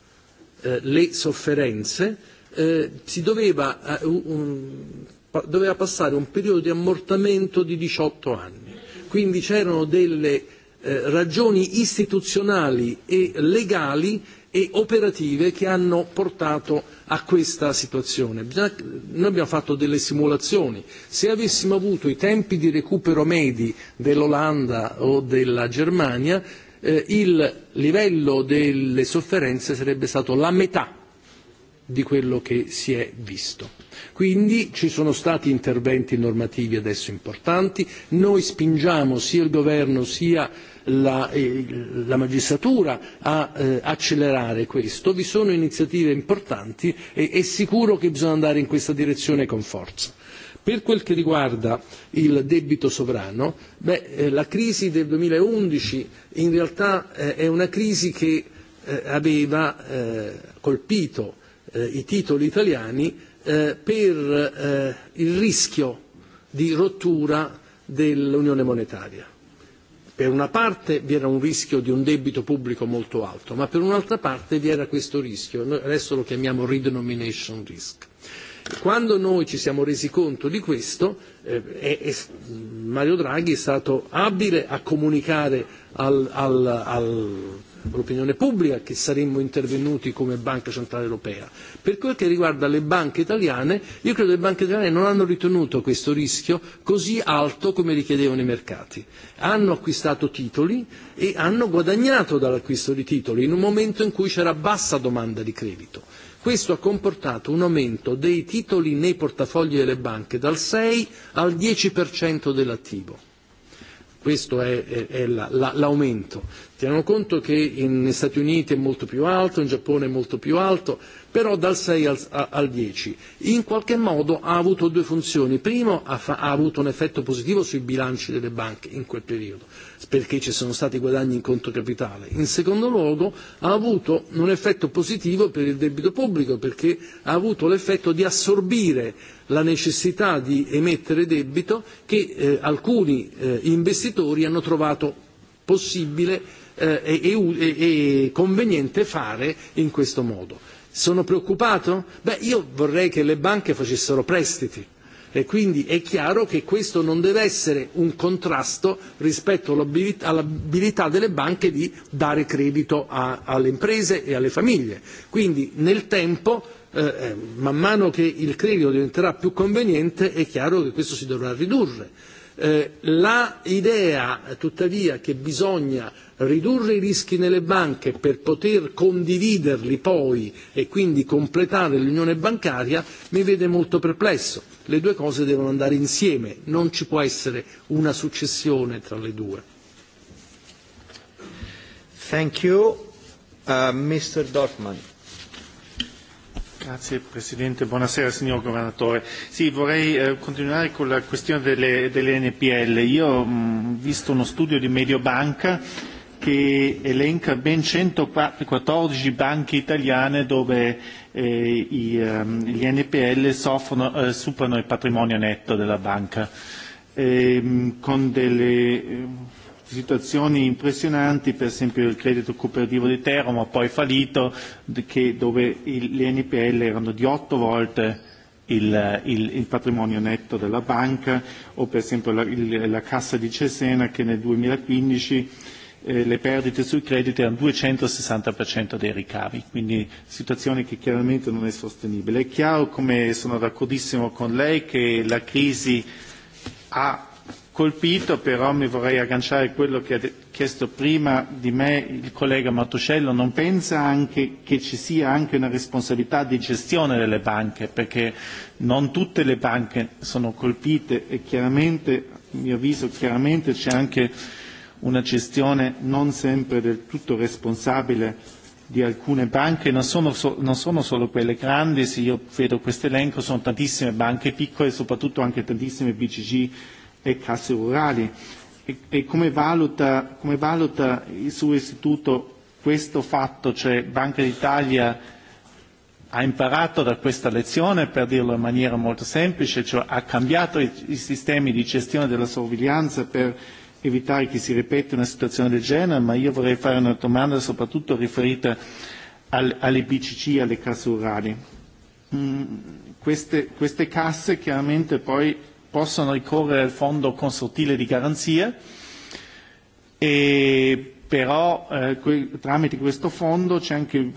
eh, le sofferenze, eh, si doveva eh, un, doveva passare un periodo di ammortamento di 18 anni. Quindi c'erano delle eh, ragioni istituzionali e legali e operative che hanno portato a questa situazione. Noi abbiamo fatto delle simulazioni. Se avessimo avuto i tempi di recupero medi dell'Olanda o della Germania, eh, il livello delle sofferenze sarebbe stato la metà di quello che si è visto. Quindi ci sono stati interventi normativi adesso importanti, noi spingiamo sia il governo sia la, eh, la magistratura a eh, accelerare questo, vi sono iniziative importanti e è sicuro che bisogna andare in questa direzione con forza. Per quel che riguarda il debito sovrano, beh, eh, la crisi del 2011 in realtà eh, è una crisi che eh, aveva eh, colpito eh, i titoli italiani per il rischio di rottura dell'unione monetaria. Per una parte vi era un rischio di un debito pubblico molto alto, ma per un'altra parte vi era questo rischio, noi adesso lo chiamiamo redenomination risk. Quando noi ci siamo resi conto di questo, Mario Draghi è stato abile a comunicare al, all'opinione pubblica che saremmo intervenuti come Banca Centrale Europea. Per quel che riguarda le banche italiane, io credo che le banche italiane non hanno ritenuto questo rischio così alto come richiedevano i mercati. Hanno acquistato titoli e hanno guadagnato dall'acquisto di titoli in un momento in cui c'era bassa domanda di credito. Questo ha comportato un aumento dei titoli nei portafogli delle banche dal 6 al 10% dell'attivo questo è, è, è l'aumento. Teniamo conto che negli Stati Uniti è molto più alto, in Giappone è molto più alto, però dal 6 al, al 10. In qualche modo ha avuto due funzioni. Primo, ha, fa, ha avuto un effetto positivo sui bilanci delle banche in quel periodo, perché ci sono stati guadagni in conto capitale. In secondo luogo, ha avuto un effetto positivo per il debito pubblico, perché ha avuto l'effetto di assorbire la necessità di emettere debito che eh, alcuni eh, investitori hanno trovato possibile è conveniente fare in questo modo. Sono preoccupato? Beh, io vorrei che le banche facessero prestiti. E quindi è chiaro che questo non deve essere un contrasto rispetto all'abilità delle banche di dare credito alle imprese e alle famiglie. Quindi nel tempo, man mano che il credito diventerà più conveniente, è chiaro che questo si dovrà ridurre L'idea tuttavia che bisogna ridurre i rischi nelle banche per poter condividerli poi e quindi completare l'unione bancaria mi vede molto perplesso. Le due cose devono andare insieme, non ci può essere una successione tra le due. Thank you. Uh, Mr. Grazie Presidente, buonasera signor Governatore. Sì, vorrei eh, continuare con la questione delle, delle NPL. Io ho visto uno studio di Mediobanca che elenca ben 114 banche italiane dove eh, i, um, gli NPL soffrono, eh, superano il patrimonio netto della banca, eh, con delle... Eh, situazioni impressionanti, per esempio il credito cooperativo di Teramo, poi fallito, che, dove il, le NPL erano di otto volte il, il, il patrimonio netto della banca, o per esempio la, il, la Cassa di Cesena che nel 2015 eh, le perdite sui crediti erano 260% dei ricavi, quindi situazione che chiaramente non è sostenibile. È chiaro, come sono d'accordissimo con lei, che la crisi ha colpito, però mi vorrei agganciare a quello che ha chiesto prima di me il collega Mattuscello, non pensa anche che ci sia anche una responsabilità di gestione delle banche, perché non tutte le banche sono colpite e chiaramente, a mio avviso, chiaramente c'è anche una gestione non sempre del tutto responsabile di alcune banche, non sono, so, non sono solo quelle grandi, se io vedo questo elenco sono tantissime banche piccole, e soprattutto anche tantissime BCG e casse rurali e, e come, valuta, come valuta il suo istituto questo fatto, cioè Banca d'Italia ha imparato da questa lezione, per dirlo in maniera molto semplice, cioè ha cambiato i, i sistemi di gestione della sorveglianza per evitare che si ripeta una situazione del genere, ma io vorrei fare una domanda soprattutto riferita al, alle BCC, alle casse rurali. Mm, queste, queste casse chiaramente poi possono ricorrere al fondo consortile di garanzia e però eh, que- tramite questo fondo c'è anche il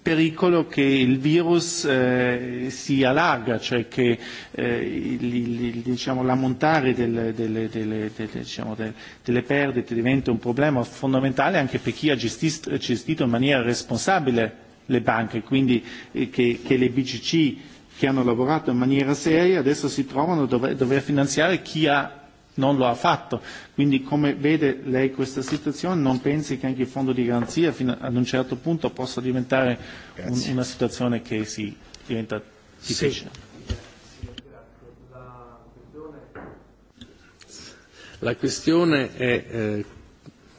pericolo che il virus eh, si allarga, cioè che eh, il, il, diciamo, l'ammontare delle, delle, delle, delle, diciamo, delle, delle perdite diventa un problema fondamentale anche per chi ha gestito, gestito in maniera responsabile le banche, quindi eh, che, che le BCC che hanno lavorato in maniera seria adesso si trovano dove, dover finanziare chi ha non lo ha fatto. Quindi come vede lei questa situazione? Non pensi che anche il fondo di garanzia fino ad un certo punto possa diventare un, una situazione che si diventa difficile? Sì. La questione è eh,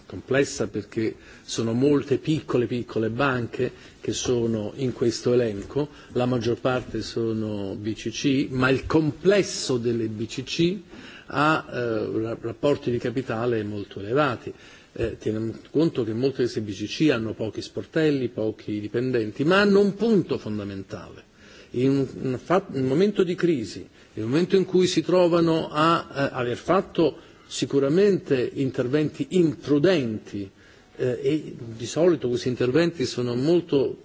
complessa perché sono molte piccole piccole banche che sono in questo elenco, la maggior parte sono BCC, ma il complesso delle BCC ha eh, rapporti di capitale molto elevati. Eh, teniamo conto che molte di queste BCC hanno pochi sportelli, pochi dipendenti, ma hanno un punto fondamentale. In un, un momento di crisi, nel momento in cui si trovano a a aver fatto sicuramente interventi imprudenti eh, e di solito questi interventi sono molto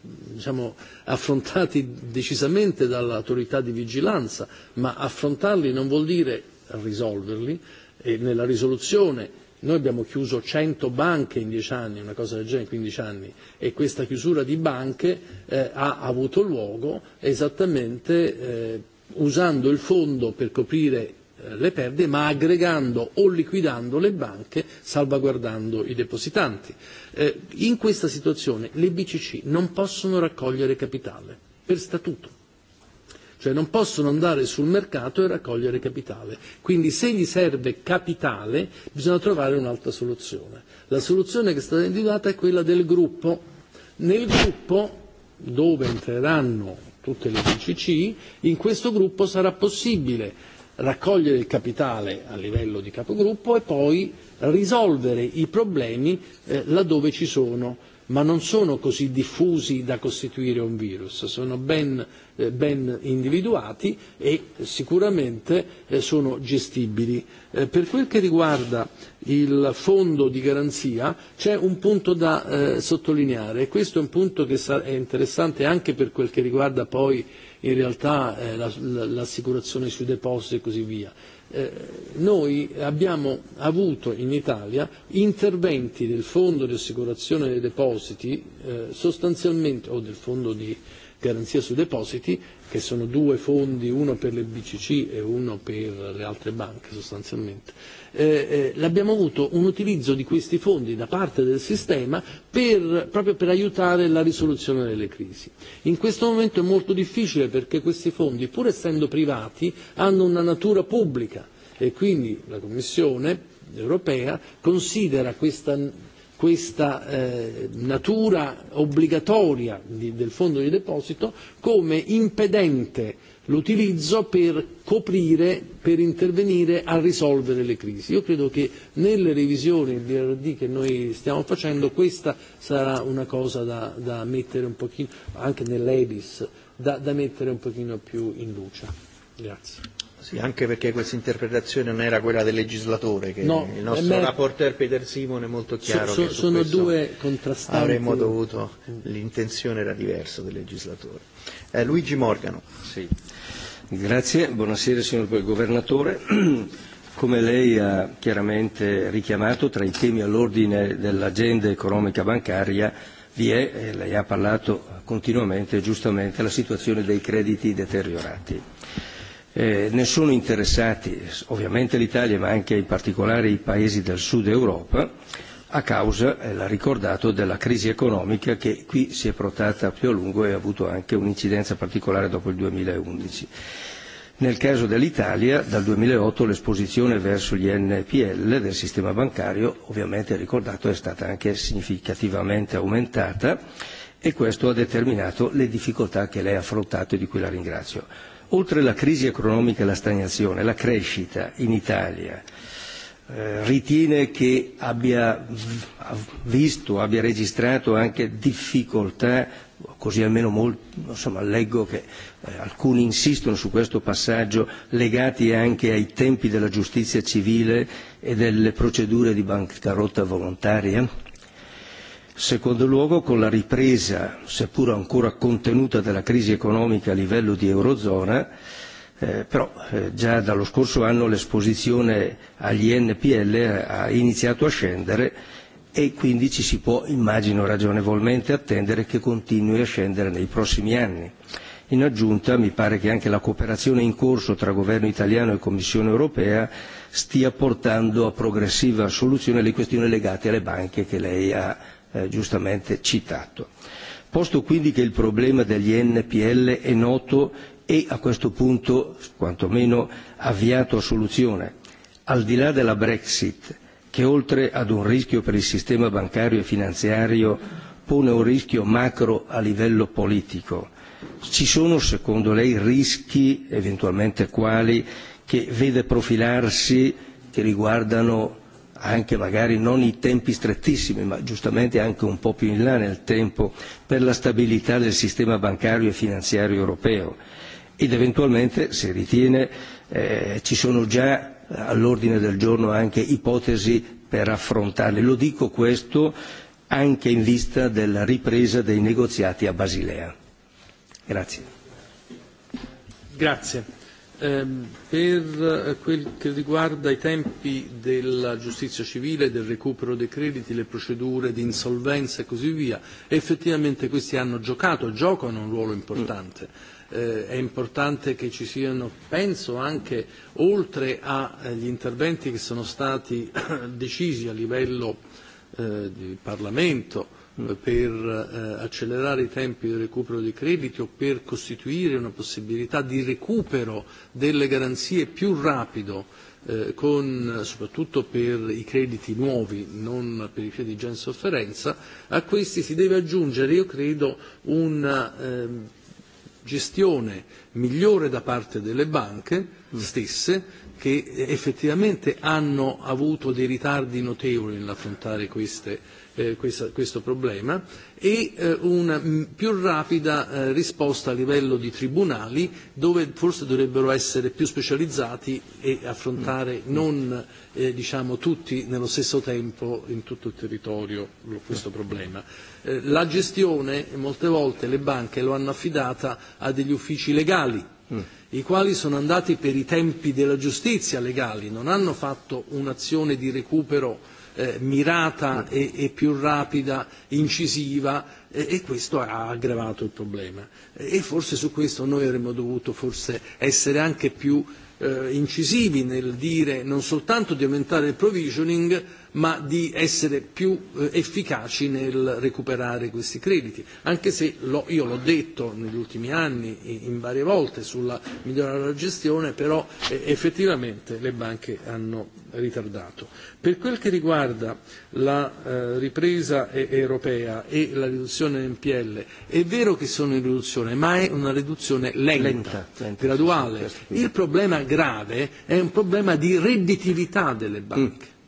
diciamo, affrontati decisamente dall'autorità di vigilanza, ma affrontarli non vuol dire risolverli e nella risoluzione noi abbiamo chiuso 100 banche in 10 anni, una cosa del genere, in 15 anni, e questa chiusura di banche eh, ha avuto luogo esattamente eh, usando il fondo per coprire le perde, ma aggregando o liquidando le banche, salvaguardando i depositanti. Eh, in questa situazione le BCC non possono raccogliere capitale per statuto cioè non possono andare sul mercato e raccogliere capitale. Quindi se gli serve capitale bisogna trovare un'altra soluzione. La soluzione che è stata individuata è quella del gruppo. Nel gruppo dove entreranno tutte le BCC, in questo gruppo sarà possibile raccogliere il capitale a livello di capogruppo e poi risolvere i problemi eh, laddove ci sono, ma non sono così diffusi da costituire un virus, sono ben, eh, ben individuati e sicuramente eh, sono gestibili. Eh, per quel che riguarda il fondo di garanzia c'è un punto da eh, sottolineare e questo è un punto che è interessante anche per quel che riguarda poi eh, in realtà eh, l'assicurazione sui depositi e così via. Eh, noi abbiamo avuto in Italia interventi del fondo di assicurazione dei depositi eh, sostanzialmente o del fondo di eh, garanzia sui depositi, che sono due fondi, uno per le BCC e uno per le altre banche sostanzialmente. Eh, eh, l'abbiamo avuto un utilizzo di questi fondi da parte del sistema per, proprio per aiutare la risoluzione delle crisi. In questo momento è molto difficile perché questi fondi, pur essendo privati, hanno una natura pubblica e quindi la Commissione europea considera questa questa eh, natura obbligatoria di, del fondo di deposito come impedente l'utilizzo per coprire, per intervenire a risolvere le crisi. Io credo che nelle revisioni di RD che noi stiamo facendo questa sarà una cosa da, da mettere un pochino, anche nell'EBIS, da, da mettere un pochino più in luce. Grazie. Sì, anche perché questa interpretazione non era quella del legislatore, che no, il nostro me... rapporteur Peter Simone è molto chiaro. So, so, che sono due contrastanti. Avremmo dovuto, l'intenzione era diversa del legislatore. Eh, Luigi Morgano. Sì. Grazie, buonasera signor Governatore. Come lei ha chiaramente richiamato, tra i temi all'ordine dell'agenda economica bancaria vi è, e lei ha parlato continuamente, giustamente, la situazione dei crediti deteriorati eh, ne sono interessati ovviamente l'Italia ma anche in particolare i paesi del sud Europa a causa, eh, l'ha ricordato, della crisi economica che qui si è protratta più a lungo e ha avuto anche un'incidenza particolare dopo il 2011. Nel caso dell'Italia, dal 2008 l'esposizione verso gli NPL del sistema bancario, ovviamente ricordato, è stata anche significativamente aumentata e questo ha determinato le difficoltà che lei ha affrontato e di cui la ringrazio. Oltre la crisi economica e la stagnazione, la crescita in Italia ritiene che abbia visto, abbia registrato anche difficoltà, così almeno molto, insomma, leggo che alcuni insistono su questo passaggio, legati anche ai tempi della giustizia civile e delle procedure di bancarotta volontaria? Secondo luogo, con la ripresa, seppur ancora contenuta, della crisi economica a livello di Eurozona, eh, però eh, già dallo scorso anno l'esposizione agli NPL ha iniziato a scendere e quindi ci si può, immagino ragionevolmente, attendere che continui a scendere nei prossimi anni. In aggiunta mi pare che anche la cooperazione in corso tra governo italiano e Commissione europea stia portando a progressiva soluzione le questioni legate alle banche che lei ha eh, giustamente citato. Posto quindi che il problema degli NPL è noto e a questo punto quantomeno avviato a soluzione, al di là della Brexit, che oltre ad un rischio per il sistema bancario e finanziario pone un rischio macro a livello politico, ci sono secondo lei rischi, eventualmente quali, che vede profilarsi che riguardano anche magari non i tempi strettissimi, ma giustamente anche un po' più in là nel tempo, per la stabilità del sistema bancario e finanziario europeo. Ed eventualmente, se ritiene, eh, ci sono già all'ordine del giorno anche ipotesi per affrontarle. Lo dico questo anche in vista della ripresa dei negoziati a Basilea. Grazie. Grazie. Per quel che riguarda i tempi della giustizia civile, del recupero dei crediti, le procedure di insolvenza e così via, effettivamente questi hanno giocato e giocano un ruolo importante. Eh, è importante che ci siano, penso anche, oltre agli interventi che sono stati decisi a livello eh, di Parlamento, per accelerare i tempi di recupero dei crediti o per costituire una possibilità di recupero delle garanzie più rapido con, soprattutto per i crediti nuovi, non per i crediti già in sofferenza, a questi si deve aggiungere, io credo, una gestione migliore da parte delle banche stesse che effettivamente hanno avuto dei ritardi notevoli nell'affrontare queste eh, questa, questo problema e eh, una più rapida eh, risposta a livello di tribunali dove forse dovrebbero essere più specializzati e affrontare non eh, diciamo, tutti nello stesso tempo in tutto il territorio questo problema. Eh, la gestione molte volte le banche lo hanno affidata a degli uffici legali i quali sono andati per i tempi della giustizia legali, non hanno fatto un'azione di recupero eh, mirata e, e più rapida, incisiva e, e questo ha aggravato il problema. E forse su questo noi avremmo dovuto forse essere anche più eh, incisivi nel dire non soltanto di aumentare il provisioning, ma di essere più efficaci nel recuperare questi crediti, anche se io l'ho detto negli ultimi anni in varie volte sulla migliorare la gestione, però effettivamente le banche hanno ritardato. Per quel che riguarda la ripresa europea e la riduzione NPL, è vero che sono in riduzione, ma è una riduzione lenta, graduale. Il problema grave è un problema di redditività delle banche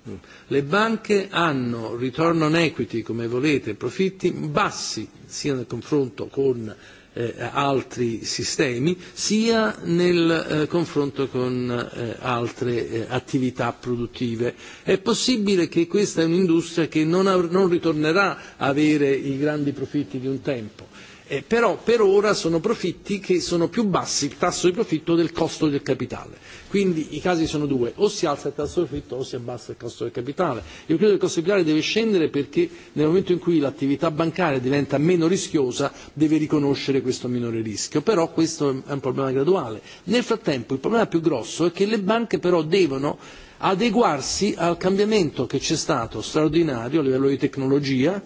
Le banche hanno return on equity, come volete, profitti bassi, sia nel confronto con eh, altri sistemi, sia nel eh, confronto con eh, altre eh, attività produttive. È possibile che questa è un'industria che non, non ritornerà a avere i grandi profitti di un tempo Eh, però per ora sono profitti che sono più bassi il tasso di profitto del costo del capitale. Quindi i casi sono due, o si alza il tasso di profitto o si abbassa il costo del capitale. Io credo che il costo del capitale deve scendere perché nel momento in cui l'attività bancaria diventa meno rischiosa deve riconoscere questo minore rischio, però questo è un problema graduale. Nel frattempo il problema più grosso è che le banche però devono adeguarsi al cambiamento che c'è stato straordinario a livello di tecnologia,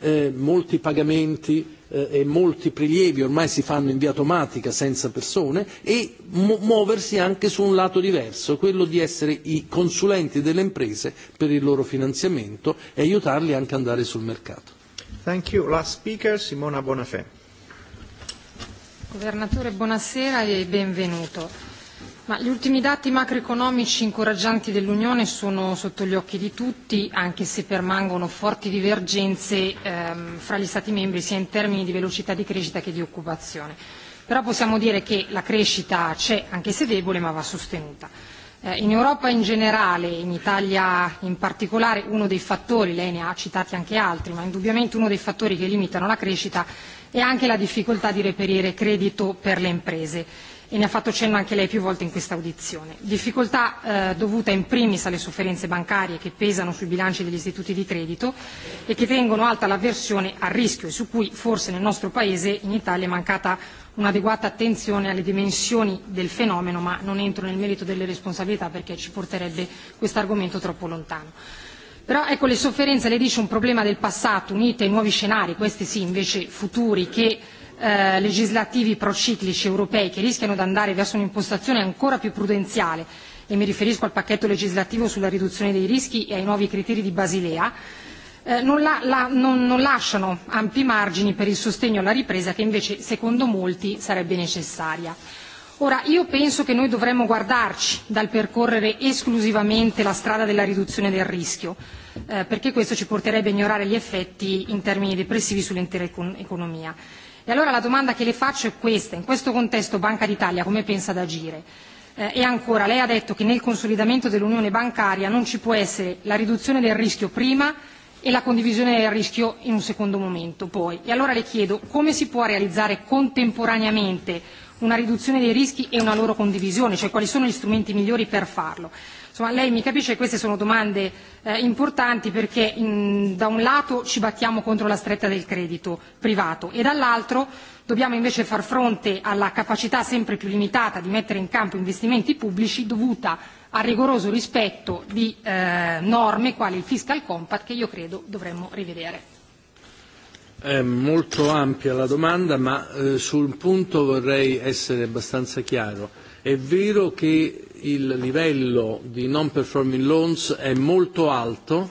eh, molti pagamenti eh, e molti prelievi ormai si fanno in via automatica senza persone e mu- muoversi anche su un lato diverso, quello di essere i consulenti delle imprese per il loro finanziamento e aiutarli anche ad andare sul mercato. Thank you. Last speaker, Simona Bonafè. Governatore, buonasera e benvenuto. Ma gli ultimi dati macroeconomici incoraggianti dell'Unione sono sotto gli occhi di tutti, anche se permangono forti divergenze ehm, fra gli Stati membri sia in termini di velocità di crescita che di occupazione. Però possiamo dire che la crescita c'è, anche se debole, ma va sostenuta. Eh, in Europa in generale, in Italia in particolare, uno dei fattori, lei ne ha citati anche altri, ma indubbiamente uno dei fattori che limitano la crescita è anche la difficoltà di reperire credito per le imprese e ne ha fatto cenno anche lei più volte in questa audizione. Difficoltà eh, dovuta in primis alle sofferenze bancarie che pesano sui bilanci degli istituti di credito e che tengono alta l'avversione al rischio e su cui forse nel nostro Paese, in Italia, è mancata un'adeguata attenzione alle dimensioni del fenomeno, ma non entro nel merito delle responsabilità perché ci porterebbe questo argomento troppo lontano. Però ecco le sofferenze, le dice, un problema del passato unite ai nuovi scenari, questi sì invece futuri, che legislativi prociclici europei che rischiano di andare verso un'impostazione ancora più prudenziale e mi riferisco al pacchetto legislativo sulla riduzione dei rischi e ai nuovi criteri di Basilea, non, lasciano ampi margini per il sostegno alla ripresa che invece secondo molti sarebbe necessaria. Ora, io penso che noi dovremmo guardarci dal percorrere esclusivamente la strada della riduzione del rischio, perché questo ci porterebbe a ignorare gli effetti in termini depressivi sull'intera economia. E allora la domanda che le faccio è questa, in questo contesto Banca d'Italia come pensa ad agire? E ancora, lei ha detto che nel consolidamento dell'unione bancaria non ci può essere la riduzione del rischio prima e la condivisione del rischio in un secondo momento poi. E allora le chiedo come si può realizzare contemporaneamente una riduzione dei rischi e una loro condivisione, cioè quali sono gli strumenti migliori per farlo. Insomma, lei mi capisce, che queste sono domande eh, importanti perché mh, da un lato ci battiamo contro la stretta del credito privato e dall'altro dobbiamo invece far fronte alla capacità sempre più limitata di mettere in campo investimenti pubblici dovuta al rigoroso rispetto di eh, norme quali il fiscal compact che io credo dovremmo rivedere. È molto ampia la domanda, ma eh, sul punto vorrei essere abbastanza chiaro. È vero che il livello di non performing loans è molto alto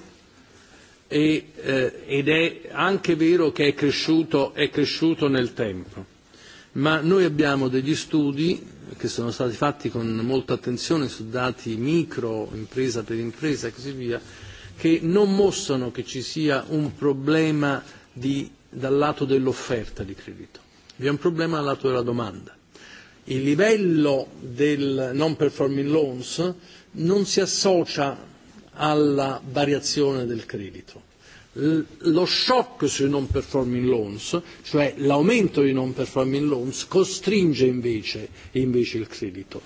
e, eh, ed è anche vero che è cresciuto, è cresciuto nel tempo. Ma noi abbiamo degli studi che sono stati fatti con molta attenzione su dati micro, impresa per impresa e così via, che non mostrano che ci sia un problema di, dal lato dell'offerta di credito, vi è un problema dal lato della domanda il livello del non performing loans non si associa alla variazione del credito. Lo shock sui non performing loans, cioè l'aumento dei non performing loans, costringe invece, invece il credito.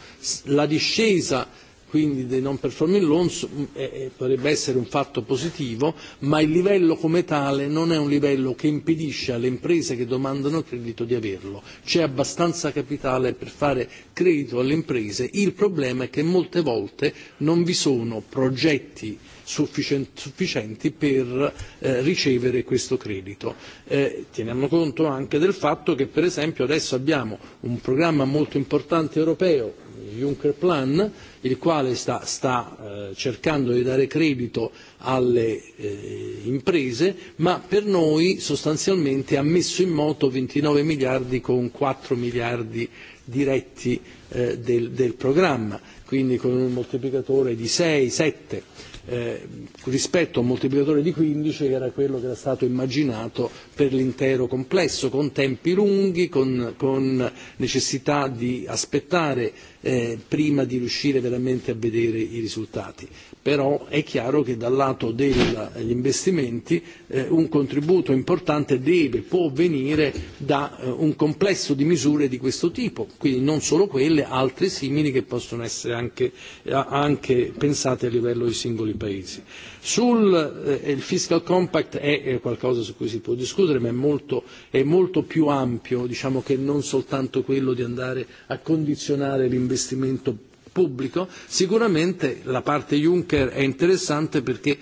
La discesa quindi dei non performing loans eh, potrebbe essere un fatto positivo, ma il livello come tale non è un livello che impedisce alle imprese che domandano credito di averlo. C'è abbastanza capitale per fare credito alle imprese, il problema è che molte volte non vi sono progetti sufficienti per eh, ricevere questo credito. Eh, teniamo conto anche del fatto che per esempio adesso abbiamo un programma molto importante europeo, il Juncker Plan, il quale sta, sta eh, cercando di dare credito alle eh, imprese, ma per noi sostanzialmente ha messo in moto 29 miliardi con 4 miliardi diretti eh, del, del programma, quindi con un moltiplicatore di 6, 7 eh, rispetto a un moltiplicatore di 15 che era quello che era stato immaginato per l'intero complesso, con tempi lunghi, con, con necessità di aspettare eh, prima di riuscire veramente a vedere i risultati però è chiaro che dal lato degli investimenti eh, un contributo importante deve, può venire da eh, un complesso di misure di questo tipo, quindi non solo quelle, altre simili che possono essere anche, anche pensate a livello dei singoli paesi. Sul eh, il fiscal compact è, è qualcosa su cui si può discutere, ma è molto, è molto più ampio diciamo, che non soltanto quello di andare a condizionare l'investimento pubblico, sicuramente la parte Juncker è interessante perché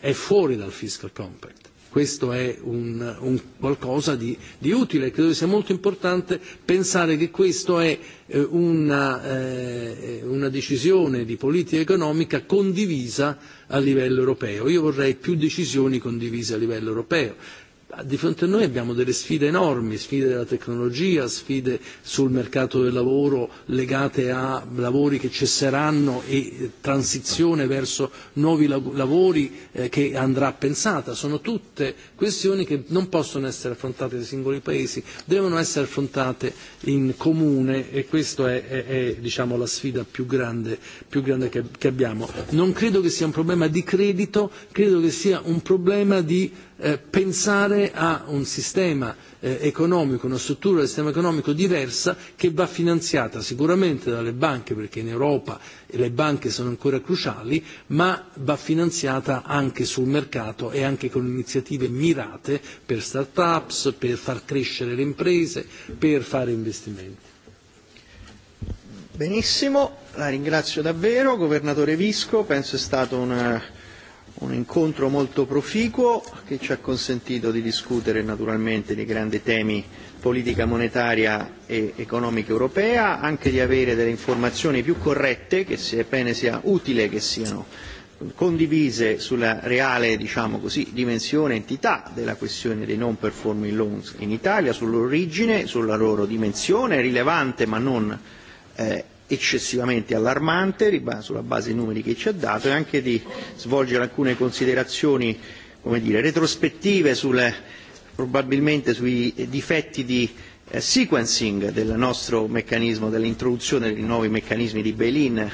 è fuori dal fiscal compact. Questo è un, un qualcosa di, di utile, credo sia molto importante pensare che questa è eh, una, eh, una decisione di politica economica condivisa a livello europeo. Io vorrei più decisioni condivise a livello europeo di fronte a noi abbiamo delle sfide enormi, sfide della tecnologia, sfide sul mercato del lavoro legate a lavori che cesseranno e transizione verso nuovi lavori che andrà pensata. Sono tutte questioni che non possono essere affrontate dai singoli paesi, devono essere affrontate in comune e questa è, è, è diciamo, la sfida più grande, più grande che, che abbiamo. Non credo che sia un problema di credito, credo che sia un problema di pensare a un sistema economico, una struttura del sistema economico diversa che va finanziata sicuramente dalle banche perché in Europa le banche sono ancora cruciali, ma va finanziata anche sul mercato e anche con iniziative mirate per start-ups, per far crescere le imprese, per fare investimenti. Benissimo, la ringrazio davvero, Governatore Visco, penso è una un incontro molto proficuo che ci ha consentito di discutere naturalmente dei grandi temi politica monetaria e economica europea, anche di avere delle informazioni più corrette, che sebbene sia utile che siano condivise sulla reale diciamo così, dimensione e entità della questione dei non performing loans in Italia, sull'origine, sulla loro dimensione rilevante ma non eh, eccessivamente allarmante sulla base dei numeri che ci ha dato e anche di svolgere alcune considerazioni come dire, retrospettive sulle, probabilmente sui difetti di sequencing del nostro meccanismo, dell'introduzione dei nuovi meccanismi di bail-in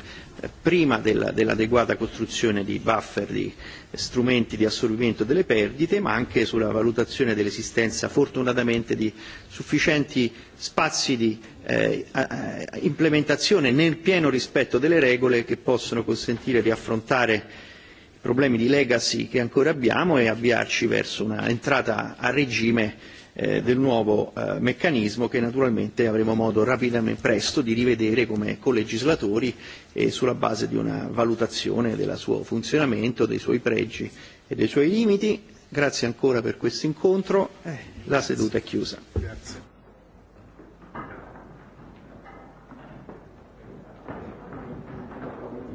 prima dell'adeguata costruzione di buffer, di strumenti di assorbimento delle perdite, ma anche sulla valutazione dell'esistenza fortunatamente di sufficienti spazi di implementazione nel pieno rispetto delle regole che possono consentire di affrontare problemi di legacy che ancora abbiamo e avviarci verso un'entrata a regime eh, del nuovo eh, meccanismo che naturalmente avremo modo rapidamente presto di rivedere come colegislatori e sulla base di una valutazione del suo funzionamento, dei suoi pregi e dei suoi limiti. Grazie ancora per questo incontro. Eh, la seduta è chiusa. Grazie.